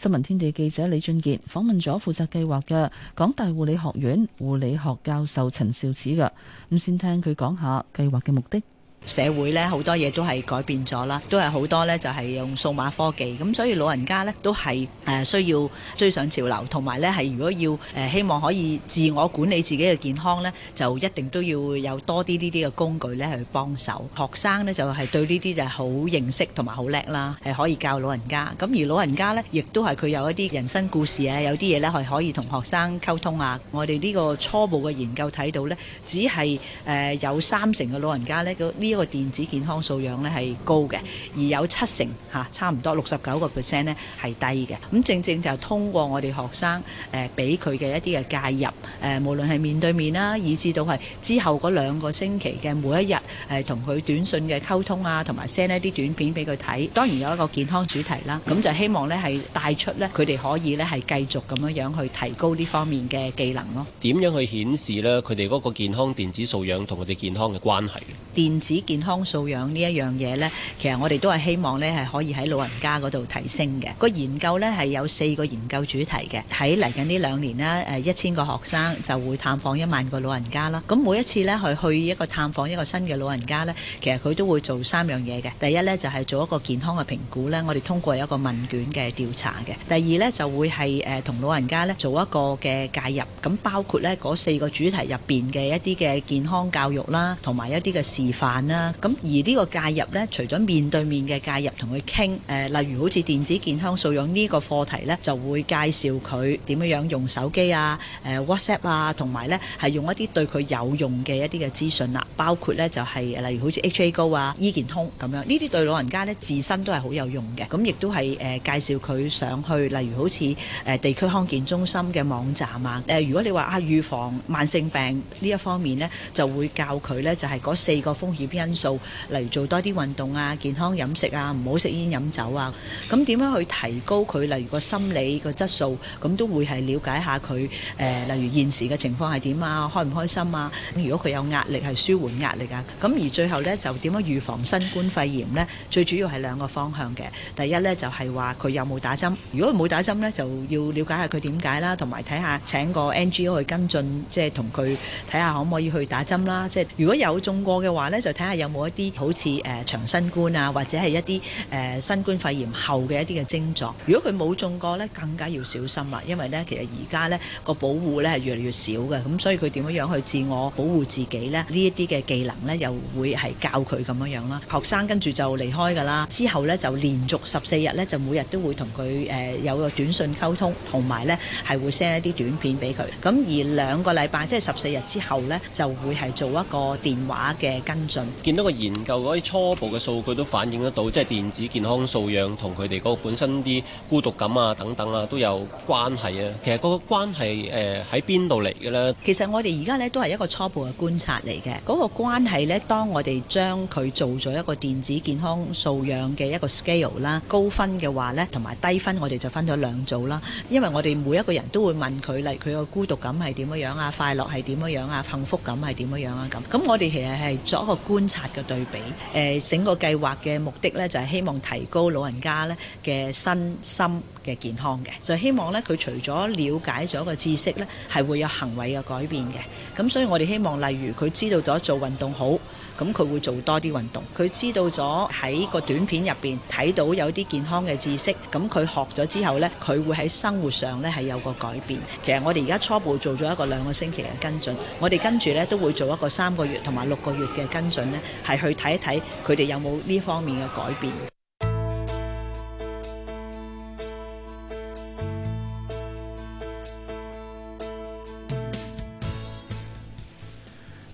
新聞天地記者李俊傑訪問咗負責計劃嘅港大護理學院護理學教授陳肇始。噶，咁先聽佢講下計劃嘅目的。社會咧好多嘢都係改變咗啦，都係好多咧就係、是、用數碼科技，咁所以老人家呢都係誒、呃、需要追上潮流，同埋呢，係如果要誒、呃、希望可以自我管理自己嘅健康呢，就一定都要有多啲呢啲嘅工具呢去幫手。學生呢就係、是、對呢啲就係好認識同埋好叻啦，係可以教老人家。咁而老人家呢，亦都係佢有一啲人生故事啊，有啲嘢呢係可以同學生溝通啊。我哋呢個初步嘅研究睇到呢，只係誒、呃、有三成嘅老人家咧，呢、這個個電子健康素養咧係高嘅，而有七成吓差唔多六十九個 percent 咧係低嘅。咁正正就通過我哋學生誒，俾佢嘅一啲嘅介入，誒、呃，無論係面對面啦，以至到係之後嗰兩個星期嘅每一日，誒、呃，同佢短信嘅溝通啊，同埋 send 一啲短片俾佢睇。當然有一個健康主題啦。咁、啊嗯嗯、就希望呢係帶出呢，佢哋可以呢係繼續咁樣樣去提高呢方面嘅技能咯。點樣去顯示呢？佢哋嗰個健康電子素養同佢哋健康嘅關係？電子健康素養呢一樣嘢咧，其實我哋都係希望咧係可以喺老人家嗰度提升嘅。個研究咧係有四個研究主題嘅。喺嚟緊呢兩年啦，誒一千個學生就會探訪一萬個老人家啦。咁每一次咧去去一個探訪一個新嘅老人家咧，其實佢都會做三樣嘢嘅。第一咧就係做一個健康嘅評估咧，我哋通過一個問卷嘅調查嘅。第二咧就會係誒同老人家咧做一個嘅介入，咁包括咧嗰四個主題入邊嘅一啲嘅健康教育啦，同埋一啲嘅示範。咁而呢個介入呢，除咗面對面嘅介入同佢傾，誒、呃、例如好似電子健康素養呢個課題呢，就會介紹佢點樣樣用手機啊、誒、呃、WhatsApp 啊，同埋呢係用一啲對佢有用嘅一啲嘅資訊啦，包括呢就係、是、例如好似 H A 高啊、醫健通咁樣，呢啲對老人家呢，自身都係好有用嘅，咁、嗯、亦都係誒、呃、介紹佢上去，例如好似誒地區康健中心嘅網站啊，誒、呃、如果你話啊預防慢性病呢一方面呢就會教佢呢，就係、是、嗰四個風險因素，例如做多啲運動啊，健康飲食啊，唔好食煙飲酒啊。咁點樣去提高佢例如個心理個質素？咁都會係了解下佢誒、呃、例如現時嘅情況係點啊，開唔開心啊？如果佢有壓力，係舒緩壓力啊。咁而最後咧，就點樣預防新冠肺炎咧？最主要係兩個方向嘅。第一咧就係話佢有冇打針，如果佢冇打針咧，就要了解下佢點解啦，同埋睇下請個 NGO 去跟進，即係同佢睇下可唔可以去打針啦。即係如果有中過嘅話咧，就睇。看看有冇一啲好似誒、呃、長新冠啊，或者係一啲誒、呃、新冠肺炎後嘅一啲嘅症狀？如果佢冇中過呢，更加要小心啦，因為呢，其實而家呢個保護呢係越嚟越少嘅，咁所以佢點樣樣去自我保護自己呢？呢一啲嘅技能呢，又會係教佢咁樣樣啦。學生跟住就離開㗎啦，之後呢就連續十四日呢，就每日都會同佢誒有個短信溝通，同埋呢係會 send 一啲短片俾佢。咁而兩個禮拜即係十四日之後呢，就會係做一個電話嘅跟進。見到個研究嗰啲初步嘅數據都反映得到，即係電子健康素養同佢哋嗰本身啲孤獨感啊等等啊都有關係啊。其實嗰個關係喺邊度嚟嘅咧？呃、呢其實我哋而家咧都係一個初步嘅觀察嚟嘅。嗰、嗰個關係咧，當我哋將佢做咗一個電子健康素養嘅一個 scale 啦，高分嘅話咧，同埋低分我哋就分咗兩組啦。因為我哋每一個人都會問佢，例如佢個孤獨感係點樣樣啊，快樂係點樣樣啊，幸福感係點樣樣啊咁。咁我哋其實係作一個觀察嘅對比，誒整個計劃嘅目的咧，就係希望提高老人家咧嘅身心嘅健康嘅，就希望咧佢除咗瞭解咗個知識咧，係會有行為嘅改變嘅，咁所以我哋希望，例如佢知道咗做運動好。咁佢會做多啲運動，佢知道咗喺個短片入邊睇到有啲健康嘅知識，咁佢學咗之後呢，佢會喺生活上呢係有個改變。其實我哋而家初步做咗一個兩個星期嘅跟進，我哋跟住呢都會做一個三個月同埋六個月嘅跟進，呢係去睇一睇佢哋有冇呢方面嘅改變。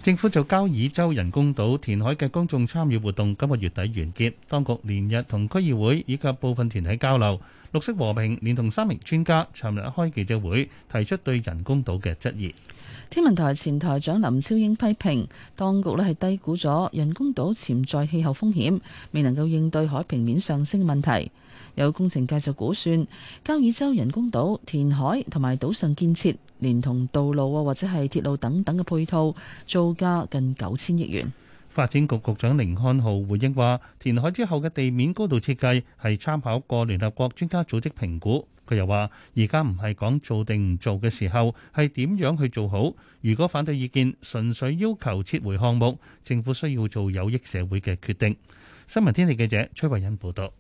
政府就交椅洲人工島填海嘅公眾參與活動，今個月底完結。當局連日同區議會以及部分團體交流，綠色和平連同三名專家尋日開記者會，提出對人工島嘅質疑。天文台前台長林超英批評當局咧係低估咗人工島潛在氣候風險，未能夠應對海平面上升嘅問題。有工程界就估算，交椅洲人工島填海同埋島上建設，連同道路啊或者係鐵路等等嘅配套，造價近九千億元。發展局局長甯漢豪回應話，填海之後嘅地面高度設計係參考過聯合國專家組織評估。佢又話，而家唔係講做定唔做嘅時候，係點樣去做好？如果反對意見純粹要求撤回項目，政府需要做有益社會嘅決定。新聞天地記者崔慧欣報道。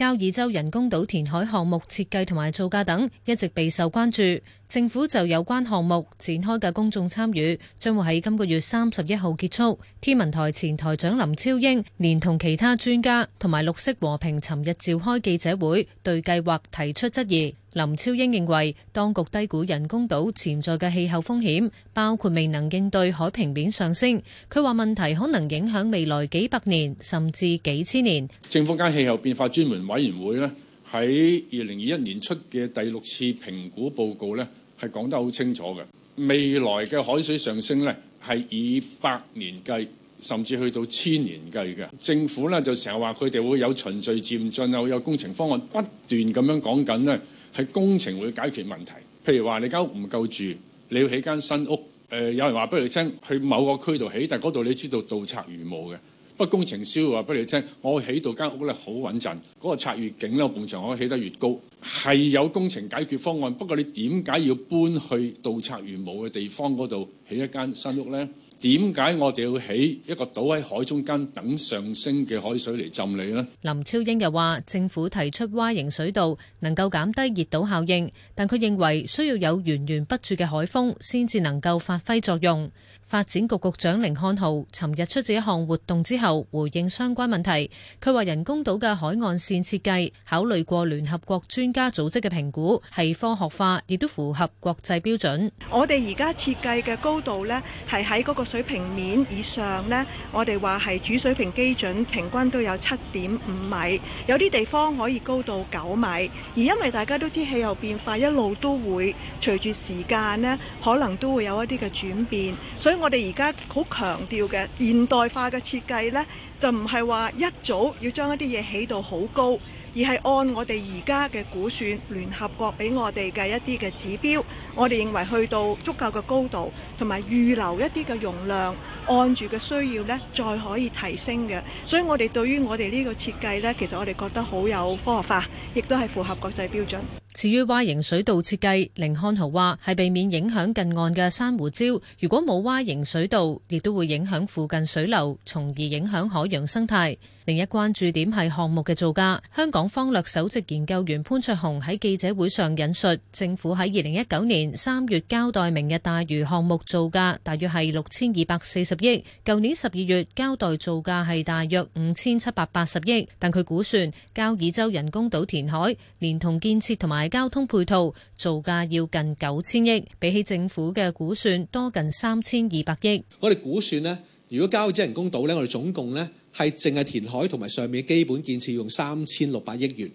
交椅洲人工島填海項目設計同埋造價等一直備受關注。政府就有關項目展開嘅公眾參與，將會喺今個月三十一號結束。天文台前台長林超英連同其他專家同埋綠色和平，尋日召開記者會，對計劃提出質疑。林超英認為當局低估人工島潛在嘅氣候風險，包括未能應對海平面上升。佢話問題可能影響未來幾百年甚至幾千年。政府間氣候變化專門委員會呢，喺二零二一年出嘅第六次評估報告呢，係講得好清楚嘅，未來嘅海水上升呢，係以百年計，甚至去到千年計嘅。政府呢，就成日話佢哋會有循序漸進，會有工程方案不斷咁樣講緊呢，係工程會解決問題。譬如話你間屋唔夠住，你要起間新屋，誒、呃、有人話畀你聽去某個區度起，但嗰度你知道盜賊如毛嘅。不過工程師話俾你聽，我起到間屋咧好穩陣，嗰個拆越境呢，我半場可以起得越高，係有工程解決方案。不過你點解要搬去到拆越冇嘅地方嗰度起一間新屋呢？點解我哋要起一個島喺海中間等上升嘅海水嚟浸你呢？林超英又話：政府提出 Y 型水道能夠減低熱島效應，但佢認為需要有源源不絕嘅海風先至能夠發揮作用。發展局局長甯漢豪尋日出席一項活動之後，回應相關問題，佢話人工島嘅海岸線設計考慮過聯合國專家組織嘅評估，係科學化，亦都符合國際標準。我哋而家設計嘅高度呢，係喺嗰個水平面以上呢，我哋話係主水平基準平均都有七點五米，有啲地方可以高到九米。而因為大家都知氣候變化一路都會隨住時間呢，可能都會有一啲嘅轉變，所以。我哋而家好強調嘅現代化嘅設計呢，就唔係話一早要將一啲嘢起到好高。而係按我哋而家嘅估算，聯合國俾我哋嘅一啲嘅指標，我哋認為去到足夠嘅高度，同埋預留一啲嘅容量，按住嘅需要呢，再可以提升嘅。所以我哋對於我哋呢個設計呢，其實我哋覺得好有科學化，亦都係符合國際標準。至於 Y 型水道設計，甯漢豪話係避免影響近岸嘅珊瑚礁。如果冇 Y 型水道，亦都會影響附近水流，從而影響海洋生態。另一關注點係項目嘅造價。香港方略首席研究員潘卓雄喺記者會上引述，政府喺二零一九年三月交代明日大嶼項目造價，大約係六千二百四十億。舊年十二月交代造價係大約五千七百八十億，但佢估算，交椅洲人工島填海連同建設同埋交通配套造價要近九千億，比起政府嘅估算多近三千二百億。我哋估算呢，如果交椅洲人工島呢，我哋總共呢，係淨係填海同埋上面基本建設要用三千六百億元，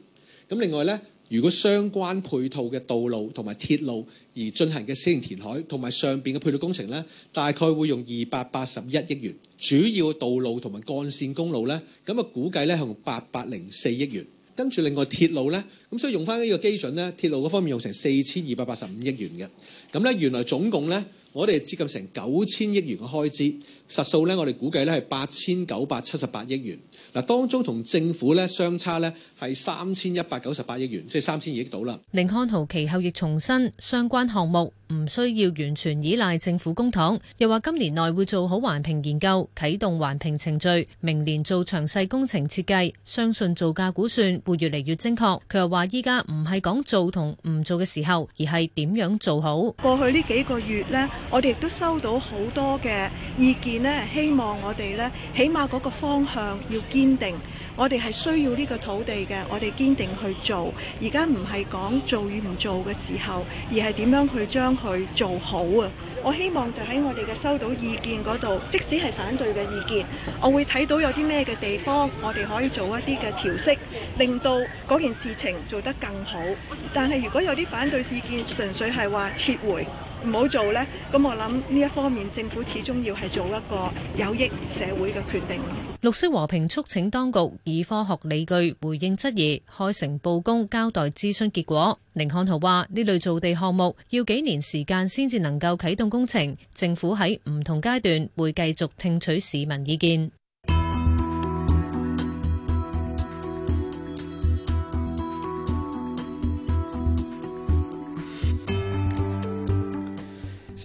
咁另外呢，如果相關配套嘅道路同埋鐵路而進行嘅小型填海同埋上邊嘅配套工程呢，大概會用二百八十一億元，主要道路同埋幹線公路呢，咁啊估計咧係用八百零四億元。跟住另外鐵路呢，咁所以用返呢個基準呢，鐵路嗰方面用成四千二百八十五億元嘅，咁咧原來總共呢，我哋接近成九千億元嘅開支，實數呢，我哋估計呢係八千九百七十八億元。嗱，當中同政府咧相差咧係三千一百九十八億元，即係三千億到啦。寧漢豪其後亦重申相關項目唔需要完全依賴政府公帑，又話今年內會做好環評研究，啟動環評程序，明年做詳細工程設計，相信造價估算會越嚟越精確。佢又話依家唔係講做同唔做嘅時候，而係點樣做好。過去呢幾個月呢，我哋亦都收到好多嘅意見咧，希望我哋呢，起碼嗰個方向要。堅定，我哋係需要呢個土地嘅，我哋堅定去做。而家唔係講做與唔做嘅時候，而係點樣去將佢做好啊！我希望就喺我哋嘅收到意見嗰度，即使係反對嘅意見，我會睇到有啲咩嘅地方，我哋可以做一啲嘅調適，令到嗰件事情做得更好。但係如果有啲反對意見，純粹係話撤回。唔好做呢，咁我諗呢一方面，政府始終要係做一個有益社會嘅決定。綠色和平促請當局以科學理據回應質疑，開誠布公交代諮詢結果。寧漢豪話：呢類造地項目要幾年時間先至能夠啟動工程，政府喺唔同階段會繼續聽取市民意見。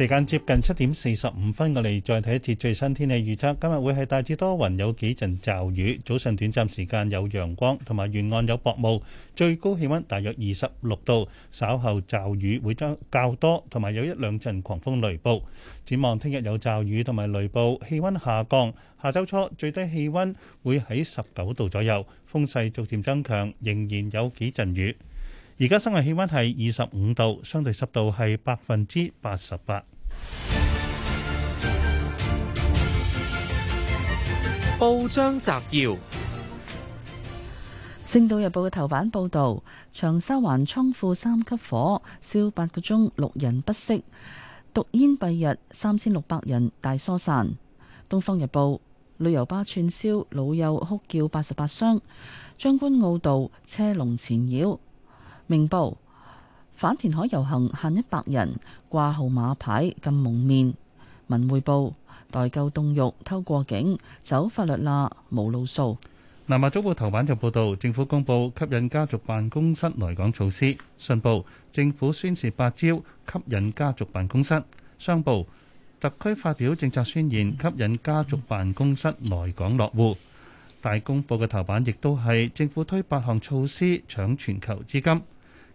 時間接近七點四十五分，我哋再睇一次最新天氣預測。今日會係大致多雲，有幾陣驟雨。早上短暫時間有陽光，同埋沿岸有薄霧。最高氣溫大約二十六度。稍後驟雨會將較多，同埋有一兩陣狂風雷暴。展望聽日有驟雨同埋雷暴，氣溫下降。下周初最低氣溫會喺十九度左右，風勢逐漸增強，仍然有幾陣雨。而家室外氣溫係二十五度，相對濕度係百分之八十八。報章摘要，《星島日報》嘅頭版報導長沙灣倉庫三級火燒八個鐘，六人不適，毒煙蔽日，三千六百人大疏散。《東方日報》旅遊巴串燒，老幼哭叫八十八傷。將軍澳道車龍纏繞。明報，反填海遊行限一百人，掛號碼牌禁蒙面。文匯報，代購凍肉偷過境，走法律罅冇路數。南華早報頭版就報導政府公布吸引家族辦公室來港措施。信報，政府宣示八招吸引家族辦公室。商報，特區發表政策宣言，吸引家族辦公室來港落戶。大公報嘅頭版亦都係政府推八項措施搶全球資金。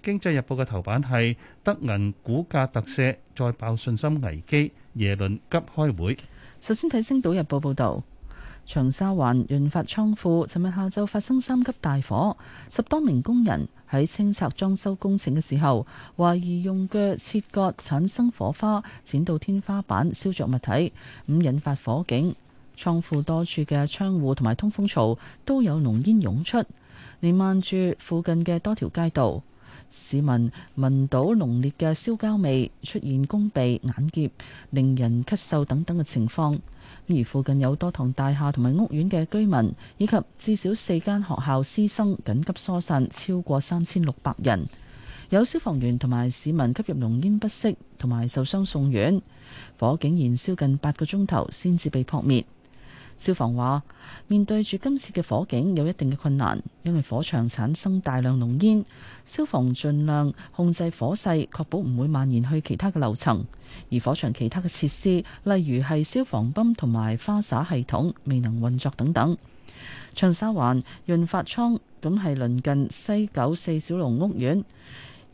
《經濟日報》嘅頭版係德銀股價突瀉，再爆信心危機。耶倫急開會。首先睇《星島日報》報導，長沙灣潤發倉庫，尋日下晝發生三級大火，十多名工人喺清拆裝修工程嘅時候，懷疑用腳切割產生火花，濺到天花板燒着物體，咁引發火警。倉庫多處嘅窗戶同埋通風槽都有濃煙湧出，瀰漫住附近嘅多條街道。市民聞到濃烈嘅燒焦味，出現攻鼻、眼澀、令人咳嗽等等嘅情況。而附近有多棟大廈同埋屋苑嘅居民，以及至少四間學校師生緊急疏散，超過三千六百人。有消防員同埋市民吸入濃煙不適，同埋受傷送院。火警燃燒近八個鐘頭先至被撲滅。消防話，面對住今次嘅火警有一定嘅困難，因為火場產生大量濃煙，消防盡量控制火勢，確保唔會蔓延去其他嘅樓層。而火場其他嘅設施，例如係消防泵同埋花灑系統未能運作等等。長沙灣潤發倉咁係鄰近西九四小龍屋苑，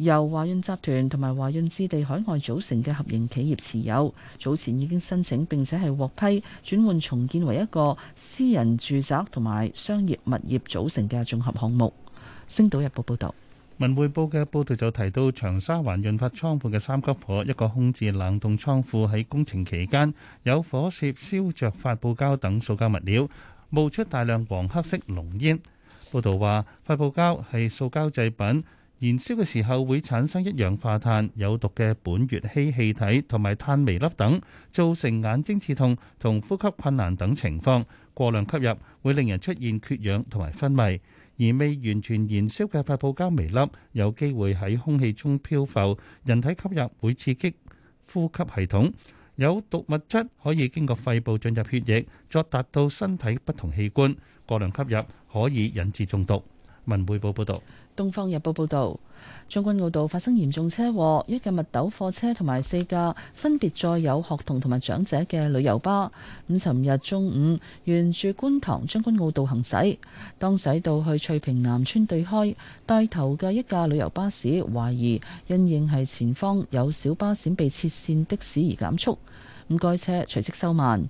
由華潤集團同埋華潤置地海外組成嘅合營企業持有，早前已經申請並且係獲批轉換重建為一個私人住宅同埋商業物業組成嘅綜合項目。星島日報報道，文匯報嘅報導就提到，長沙灣潤發倉庫嘅三級火，一個空置冷凍倉庫喺工程期間有火舌燒着發泡膠等塑膠物料，冒出大量黃黑色濃煙。報導話，發泡膠係塑膠製品。燃燒嘅時候會產生一氧化碳、有毒嘅苯乙烯氣體同埋碳微粒等，造成眼睛刺痛同呼吸困難等情況。過量吸入會令人出現缺氧同埋昏迷。而未完全燃燒嘅發泡膠微粒有機會喺空氣中漂浮，人體吸入會刺激呼吸系統。有毒物質可以經過肺部進入血液，作達到身體不同器官。過量吸入可以引致中毒。文匯報報道。東方日報報道，將軍澳道發生嚴重車禍，一架密斗貨車同埋四架分別載有學童同埋長者嘅旅遊巴。咁，尋日中午沿住觀塘將軍澳道行駛，當駛到去翠屏南村對開，帶頭嘅一架旅遊巴士懷疑因應係前方有小巴閃避切線的士而減速，咁該車隨即收慢。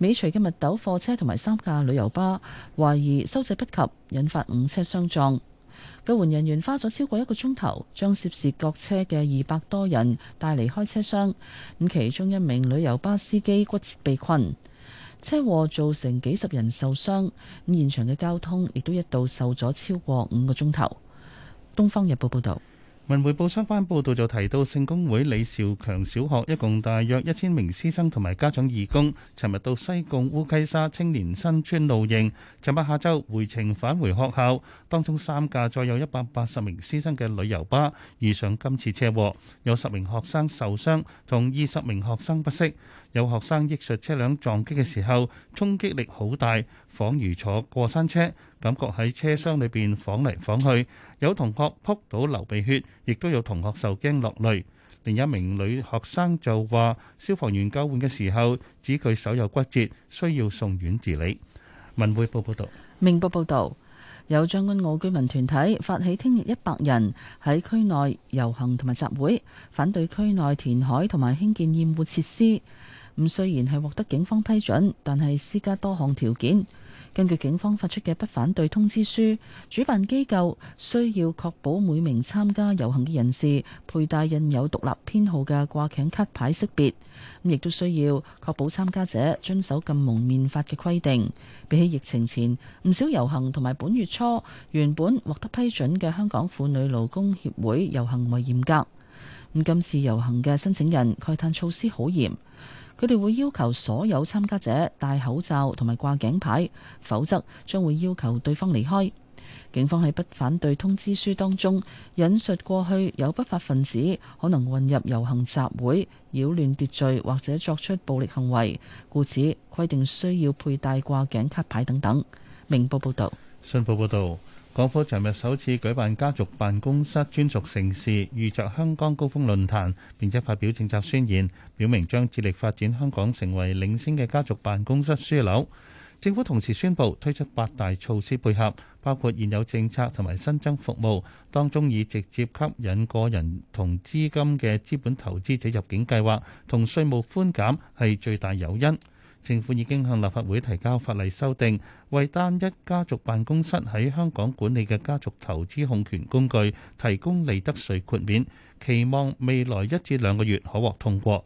尾隨嘅密斗貨車同埋三架旅遊巴懷疑收掣不及，引發五車相撞。救援人員花咗超過一個鐘頭，將涉事各車嘅二百多人帶離開車廂。咁其中一名旅遊巴司機骨折被困，車禍造成幾十人受傷。咁現場嘅交通亦都一度受阻超過五個鐘頭。《東方日報》報導。文匯報相關報導就提到，聖公會李兆強小學一共大約一千名師生同埋家長義工，尋日到西貢烏溪沙青年新村露營，尋日下晝回程返回學校，當中三架載有一百八十名師生嘅旅遊巴遇上今次車禍，有十名學生受傷，同二十名學生不適。有學生憶述車輛撞擊嘅時候，衝擊力好大，恍如坐過山車，感覺喺車廂裏邊晃嚟晃去。有同學撲倒流鼻血，亦都有同學受驚落淚。另一名女學生就話：消防員救援嘅時候，指佢手有骨折，需要送院治理。文匯報報導，明報報導，有將軍澳居民團體發起聽日一百人喺區內遊行同埋集會，反對區內填海同埋興建厭惡設施。咁雖然係獲得警方批准，但係施加多項條件。根據警方發出嘅不反對通知書，主辦機構需要確保每名參加遊行嘅人士佩戴印有獨立編號嘅掛頸卡牌識別，咁亦都需要確保參加者遵守禁蒙面法嘅規定。比起疫情前，唔少遊行同埋本月初原本獲得批准嘅香港婦女勞工協會遊行為嚴格。咁今次遊行嘅申請人慨嘆措，措施好嚴。佢哋會要求所有參加者戴口罩同埋掛頸牌，否則將會要求對方離開。警方喺不反對通知書當中引述過去有不法分子可能混入遊行集會擾亂秩序或者作出暴力行為，故此規定需要佩戴掛頸卡牌等等。明報報道。新報報導。港府昨日首次舉辦家族辦公室專屬城市裕澤香江高峰論壇，並且發表政策宣言，表明將致力發展香港成為領先嘅家族辦公室樞紐。政府同時宣布推出八大措施配合，包括現有政策同埋新增服務，當中以直接吸引個人同資金嘅資本投資者入境計劃同稅務寬減係最大誘因。政府已經向立法會提交法例修訂，為單一家族辦公室喺香港管理嘅家族投資控權工具提供利得稅豁免，期望未來一至兩個月可獲通過。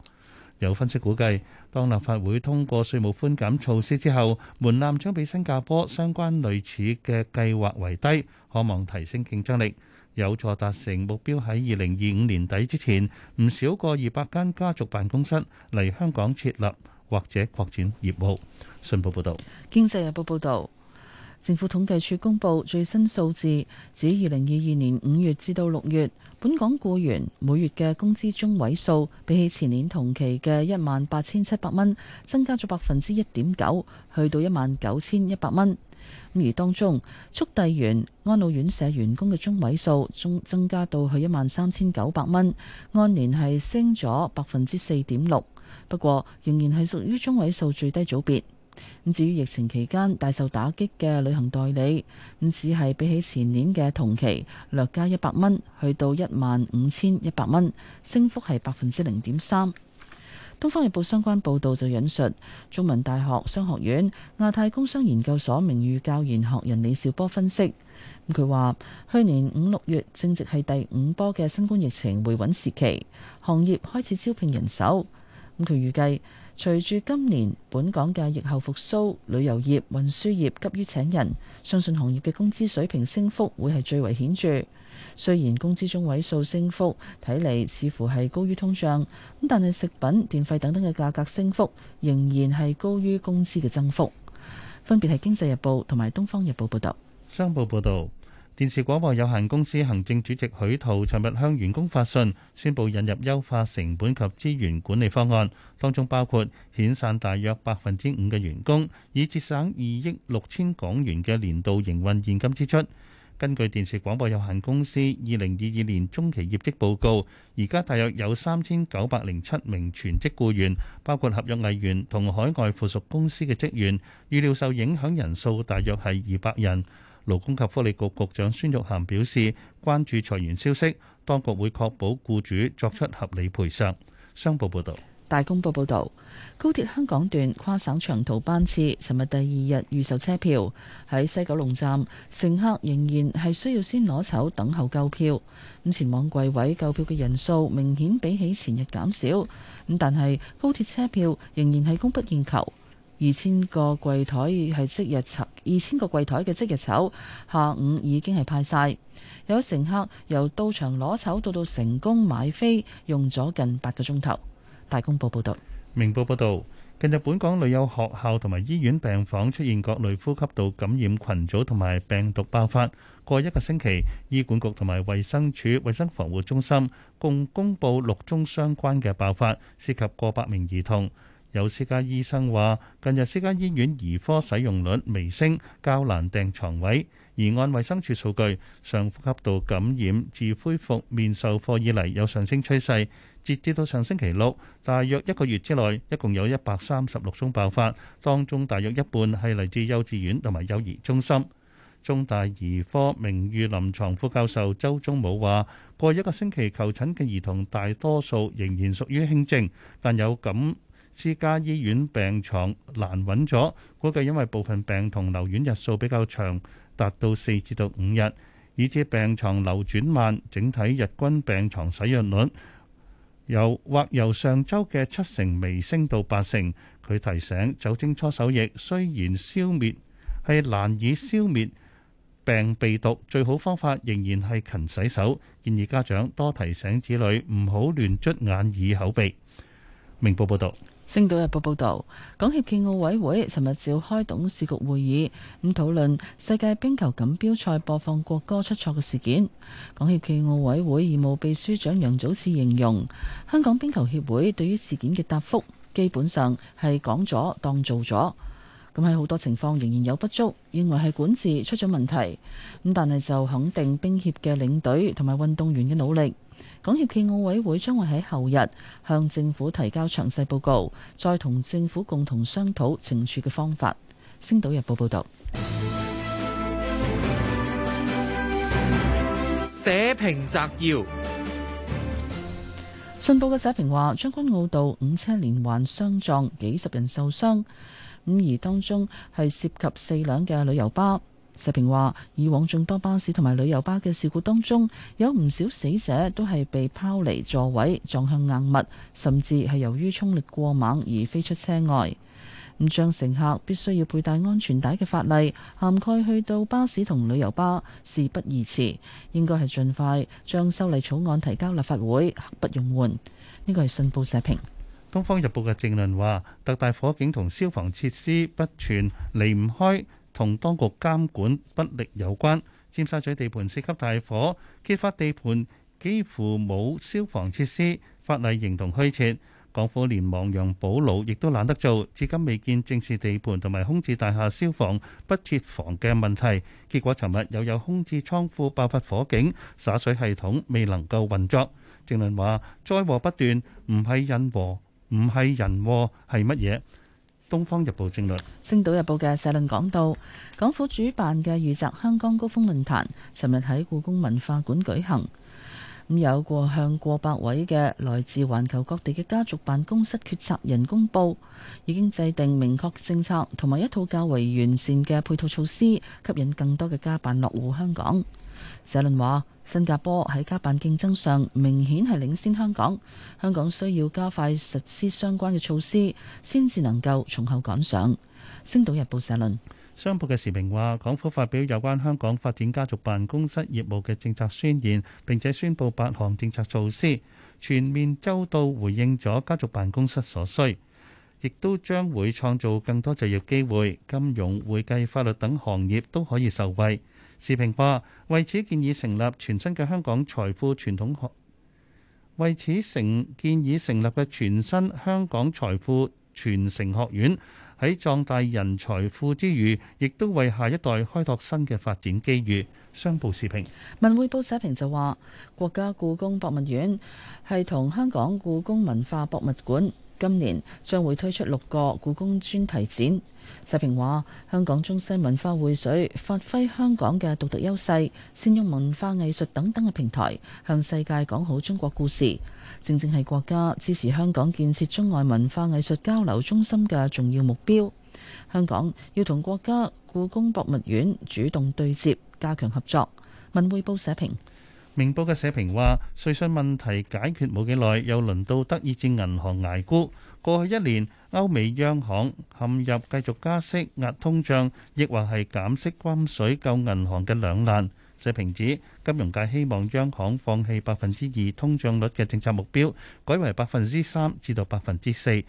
有分析估計，當立法會通過稅務寬減措施之後，門檻將比新加坡相關類似嘅計劃為低，可望提升競爭力，有助達成目標喺二零二五年底之前唔少過二百間家族辦公室嚟香港設立。或者擴展業務。信報報導，經濟日報報導，政府統計處公布最新數字，指二零二二年五月至到六月，本港雇員每月嘅工資中位數，比起前年同期嘅一萬八千七百蚊，增加咗百分之一點九，去到一萬九千一百蚊。而當中，速遞員、安老院舍員工嘅中位數，中增加到去一萬三千九百蚊，按年係升咗百分之四點六。不過，仍然係屬於中位數最低組別。咁至於疫情期間大受打擊嘅旅行代理，咁只係比起前年嘅同期略加一百蚊，去到一萬五千一百蚊，升幅係百分之零點三。《東方日報》相關報導就引述中文大學商學院亞太工商研究所名譽教研學人李兆波分析，佢話：去年五六月正值係第五波嘅新冠疫情回穩時期，行業開始招聘人手。佢預計，隨住今年本港嘅疫後復甦，旅遊業、運輸業急於請人，相信行業嘅工資水平升幅會係最為顯著。雖然工資中位數升幅睇嚟似乎係高於通脹，咁但係食品、電費等等嘅價格升幅仍然係高於工資嘅增幅。分別係《經濟日報》同埋《東方日報》報道，《商報》報道。電視廣播有限公司行政主席許濤尋日向員工發信，宣布引入優化成本及資源管理方案，當中包括遣散大約百分之五嘅員工，以節省二億六千港元嘅年度營運現金支出。根據電視廣播有限公司二零二二年中期業績報告，而家大約有三千九百零七名全職雇員，包括合約藝員同海外附屬公司嘅職員，預料受影響人數大約係二百人。勞工及福利局局長孫玉菡表示，關注裁員消息，當局會確保僱主作出合理賠償。商報報導，大公報報導，大公報報導，高鐵香港段跨省長途班次，尋日第二日預售車票喺西九龍站，乘客仍然係需要先攞籌等候購票。咁前往櫃位購票嘅人數明顯比起前日減少，咁但係高鐵車票仍然係供不應求。二千個櫃台係即日籌，二千個櫃台嘅即日籌，下午已經係派晒。有乘客由到場攞籌到到成功買飛，用咗近八個鐘頭。大公報報道，明報報道，近日本港女幼學校同埋醫院病房出現各類呼吸道感染群組同埋病毒爆發。過一個星期，醫管局同埋衛生署衛生防護中心共公佈六宗相關嘅爆發，涉及過百名兒童。有私家醫生話：近日私家醫院兒科使用率微升，較難訂牀位。而按衛生署數據，上呼吸道感染自恢復面授課以嚟有上升趨勢。截至到上星期六，大約一個月之內一共有一百三十六宗爆發，當中大約一半係嚟自幼稚園同埋幼兒中心。中大兒科名譽臨牀副教授周中武話：過一個星期求診嘅兒童大多數仍然屬於輕症，但有感。私家醫院病床難揾咗，估計因為部分病童留院日數比較長，達到四至到五日，以致病床流轉慢，整體日均病床使用率由或由上週嘅七成微升到八成。佢提醒酒精搓手液雖然消滅係難以消滅鼻病毒，最好方法仍然係勤洗手。建議家長多提醒子女唔好亂捽眼耳口鼻。明報報導。星島日報報道，港協暨奧委會尋日召開董事局會議，咁討論世界冰球錦標賽播放國歌出錯嘅事件。港協暨奧委會義務秘書長楊祖熾形容，香港冰球協會對於事件嘅答覆，基本上係講咗當做咗，咁喺好多情況仍然有不足，認為係管治出咗問題，咁但係就肯定冰協嘅領隊同埋運動員嘅努力。港協暨奧委會將會喺後日向政府提交詳細報告，再同政府共同商討懲處嘅方法。星島日報報導。社評摘要：信報嘅社評話，將軍澳道五車連環相撞，幾十人受傷，咁而當中係涉及四輛嘅旅遊巴。社評話：以往眾多巴士同埋旅遊巴嘅事故當中，有唔少死者都係被拋離座位撞向硬物，甚至係由於衝力過猛而飛出車外。唔將乘客必須要佩戴安全帶嘅法例涵蓋去到巴士同旅遊巴，事不宜遲，應該係盡快將修例草案提交立法會，刻不容緩。呢個係信報社評，《東方日報》嘅正論話：特大火警同消防設施不全，離唔開。同當局監管不力有關，尖沙咀地盤四級大火，揭發地盤幾乎冇消防設施，法例形同虛設。港府連亡羊補牢亦都懶得做，至今未見正視地盤同埋空置大廈消防不設防嘅問題。結果尋日又有空置倉庫爆發火警，灑水系統未能夠運作。政論話災禍不斷，唔係人禍，唔係人禍，係乜嘢？《東方日報》正論，《星島日報》嘅社論講到，港府主辦嘅裕澤香港高峰論壇，尋日喺故宮文化館舉行，咁有過向過百位嘅來自環球各地嘅家族辦公室決策人公佈，已經制定明確政策同埋一套較為完善嘅配套措施，吸引更多嘅家辦落戶香港。社論話：新加坡喺家辦競爭上明顯係領先香港，香港需要加快實施相關嘅措施，先至能夠從後趕上。星島日報社論。商報嘅時評話，港府發表有關香港發展家族辦公室業務嘅政策宣言，並且宣佈八項政策措施，全面周到回應咗家族辦公室所需，亦都將會創造更多就業機會，金融、會計、法律等行業都可以受惠。視評話，為此建議成立全新嘅香港財富傳統學，為此成建議成立嘅全新香港財富傳承學院，喺壯大人財富之餘，亦都為下一代開拓新嘅發展機遇。商報視評，文匯報社評就話，國家故宮博物院係同香港故宮文化博物館今年將會推出六個故宮專題展。社評話：香港中西文化薈萃，發揮香港嘅獨特優勢，善用文化藝術等等嘅平台，向世界講好中國故事，正正係國家支持香港建設中外文化藝術交流中心嘅重要目標。香港要同國家故宮博物院主動對接，加強合作。文匯報社評，明報嘅社評話：瑞信問題解決冇幾耐，又輪到德意志銀行挨沽。過去一年，歐美央行陷入繼續加息壓通脹，亦或係減息濫水救銀行嘅兩難。社評指，金融界希望央行放棄百分之二通脹率嘅政策目標，改為百分之三至到百分之四，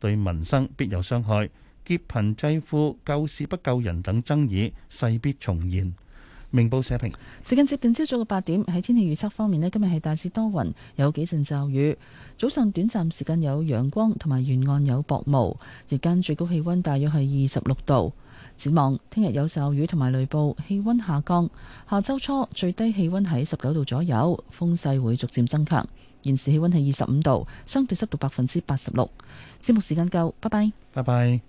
對民生必有傷害，劫貧濟富、救市不救人等爭議勢必重現。明報社評。時間接近朝早嘅八點，喺天氣預測方面咧，今日係大致多雲，有幾陣驟雨。早上短暫時間有陽光，同埋沿岸有薄霧。日間最高氣溫大約係二十六度。展望聽日有驟雨同埋雷暴，氣溫下降。下周初最低氣溫喺十九度左右，風勢會逐漸增強。現時氣溫係二十五度，相對濕度百分之八十六。節目時間夠，拜拜。拜拜。